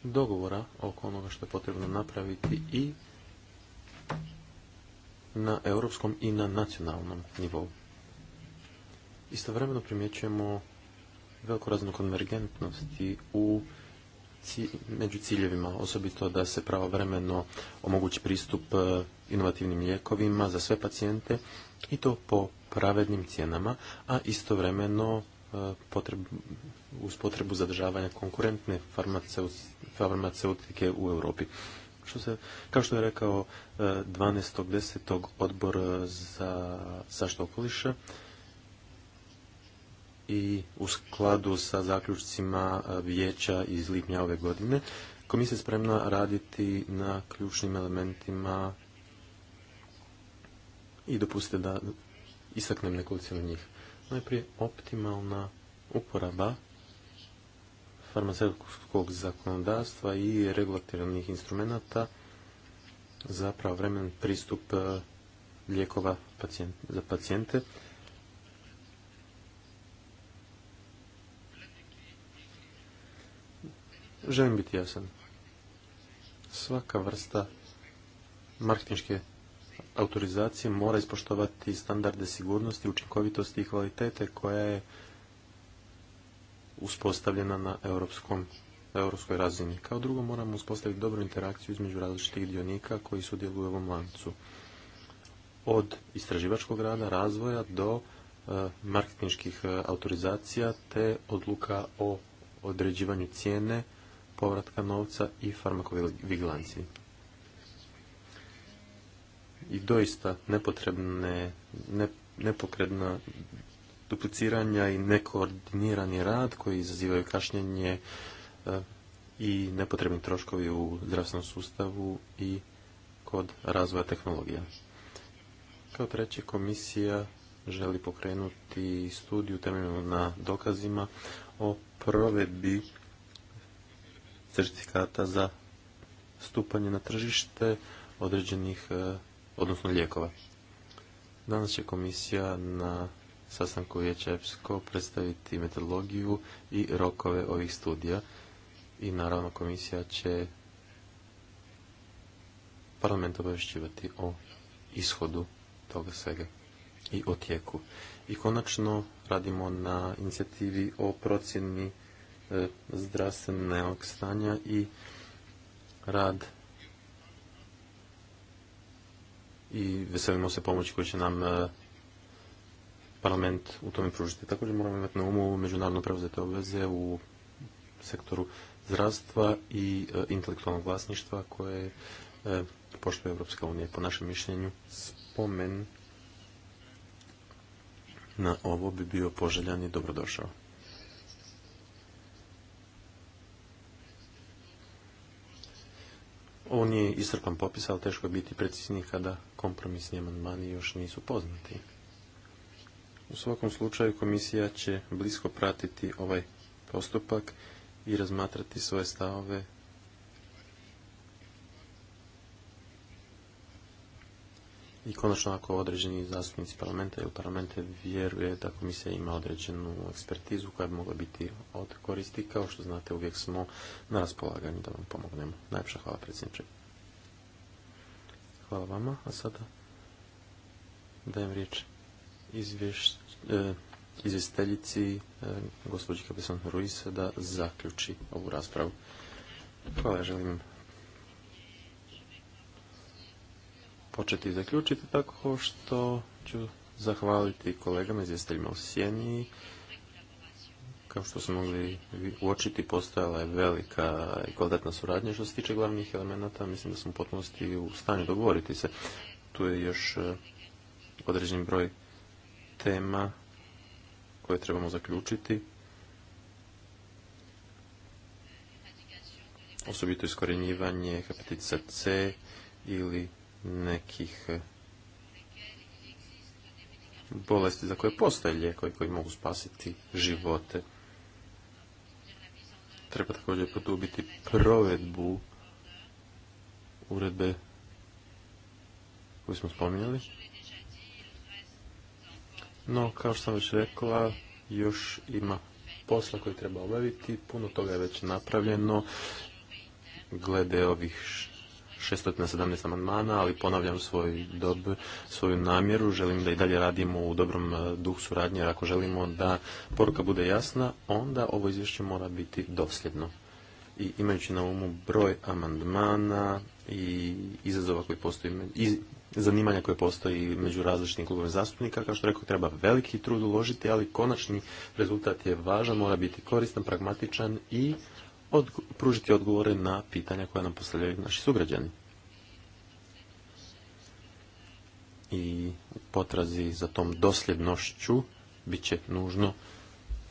dogovora oko onoga što je potrebno napraviti i na europskom i na nacionalnom nivou. Istovremeno primjećujemo veliku raznu konvergentnosti u među ciljevima, osobito da se pravovremeno omogući pristup e, inovativnim lijekovima za sve pacijente i to po pravednim cijenama, a istovremeno uz potrebu zadržavanja konkurentne farmaceutike u Europi. kao što je rekao 12.10. E, odbor e, za zaštitu okoliša i u skladu sa zaključcima e, vijeća iz lipnja ove godine, komisija je spremna raditi na ključnim elementima i dopustite da istaknem nekoliko njih. Najprije optimalna uporaba farmaceutskog zakonodavstva i regulatornih instrumenata za pravovremen pristup e, lijekova za pacijente. Želim biti jasan. Svaka vrsta marketinške autorizacije mora ispoštovati standarde sigurnosti, učinkovitosti i kvalitete koja je uspostavljena na europskom europskoj razini. Kao drugo moramo uspostaviti dobru interakciju između različitih dionika koji sudjeluju u ovom lancu. Od istraživačkog rada, razvoja do e, marketinških e, autorizacija te odluka o određivanju cijene, povratka novca i farmakovigilanciji i doista nepotrebne, ne, nepokredna dupliciranja i nekoordinirani rad koji izazivaju kašnjenje e, i nepotrebni troškovi u zdravstvenom sustavu i kod razvoja tehnologija. Kao treće, komisija želi pokrenuti studiju temeljenu na dokazima o provedbi certifikata za stupanje na tržište određenih e, odnosno lijekova. Danas će komisija na sastanku Vijeća EPSCO predstaviti metodologiju i rokove ovih studija i naravno komisija će parlament obavješćivati o ishodu toga svega i o tijeku. I konačno radimo na inicijativi o procjeni e, zdravstvenog stanja i rad i veselimo se pomoći koju će nam e, parlament u tome pružiti. Također moramo imati na umu međunarodno preuzete obveze u sektoru zdravstva i e, intelektualnog vlasništva koje e, poštuje Europska unija. Po našem mišljenju spomen na ovo bi bio poželjan i dobrodošao. Ovo nije istrpan popis, ali teško je biti precizni kada kompromisni amandmani još nisu poznati. U svakom slučaju komisija će blisko pratiti ovaj postupak i razmatrati svoje stavove I konačno ako određeni zastupnici parlamenta i u parlamente vjeruje da komisija ima određenu ekspertizu koja bi mogla biti od koristi, kao što znate uvijek smo na raspolaganju da vam pomognemo. Najpša hvala predsjedniče. Hvala vama, a sada dajem riječ e, izvjesteljici e, gospođi Kapesan Ruisa da zaključi ovu raspravu. Hvala, želim početi i zaključiti tako što ću zahvaliti kolegama izvjestiteljima u Sjeni. Kao što smo mogli uočiti, postojala je velika i kvalitetna suradnja što se tiče glavnih elemenata. Mislim da smo u potpunosti u stanju dogovoriti se. Tu je još e, određeni broj tema koje trebamo zaključiti. Osobito iskorjenjivanje hepatica C ili nekih eh, bolesti za koje postoje lijekovi koji mogu spasiti živote. Treba također podubiti provedbu uredbe koju smo spominjali. No, kao što sam već rekla, još ima posla koji treba obaviti. Puno toga je već napravljeno glede ovih 617 amandmana, ali ponavljam svoju namjeru. Želim da i dalje radimo u dobrom e, duhu suradnje, jer ako želimo da poruka bude jasna, onda ovo izvješće mora biti dosljedno. I imajući na umu broj amandmana i izazova koji postoji, i zanimanja koje postoji među različitim klubovima zastupnika. Kao što rekao, treba veliki trud uložiti, ali konačni rezultat je važan, mora biti koristan, pragmatičan i pružiti odgovore na pitanja koja nam postavljaju naši sugrađani. I u potrazi za tom dosljednošću bit će nužno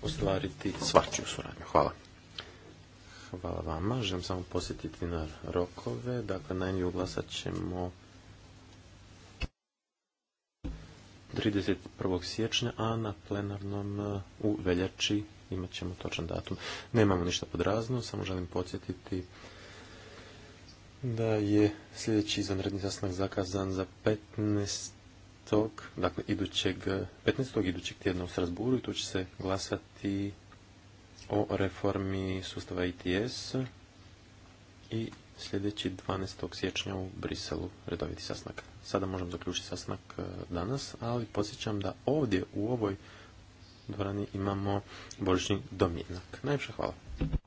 ostvariti svačiju suradnju. Hvala. Hvala vama. Želim samo posjetiti na rokove. Dakle, na nju glasat ćemo 31. siječnja, a na plenarnom u veljači imat ćemo točan datum. Nemamo ništa pod razno, samo želim podsjetiti da je sljedeći izvanredni sastanak zakazan za 15. dakle idućeg 15. idućeg tjedna u Strasburu i tu će se glasati o reformi sustava ITS i sljedeći 12. siječnja u Briselu redoviti sastanak. Sada možemo zaključiti sastanak eh, danas, ali podsjećam da ovdje u ovoj dvorani imamo božićni domjenak. Najljepša hvala.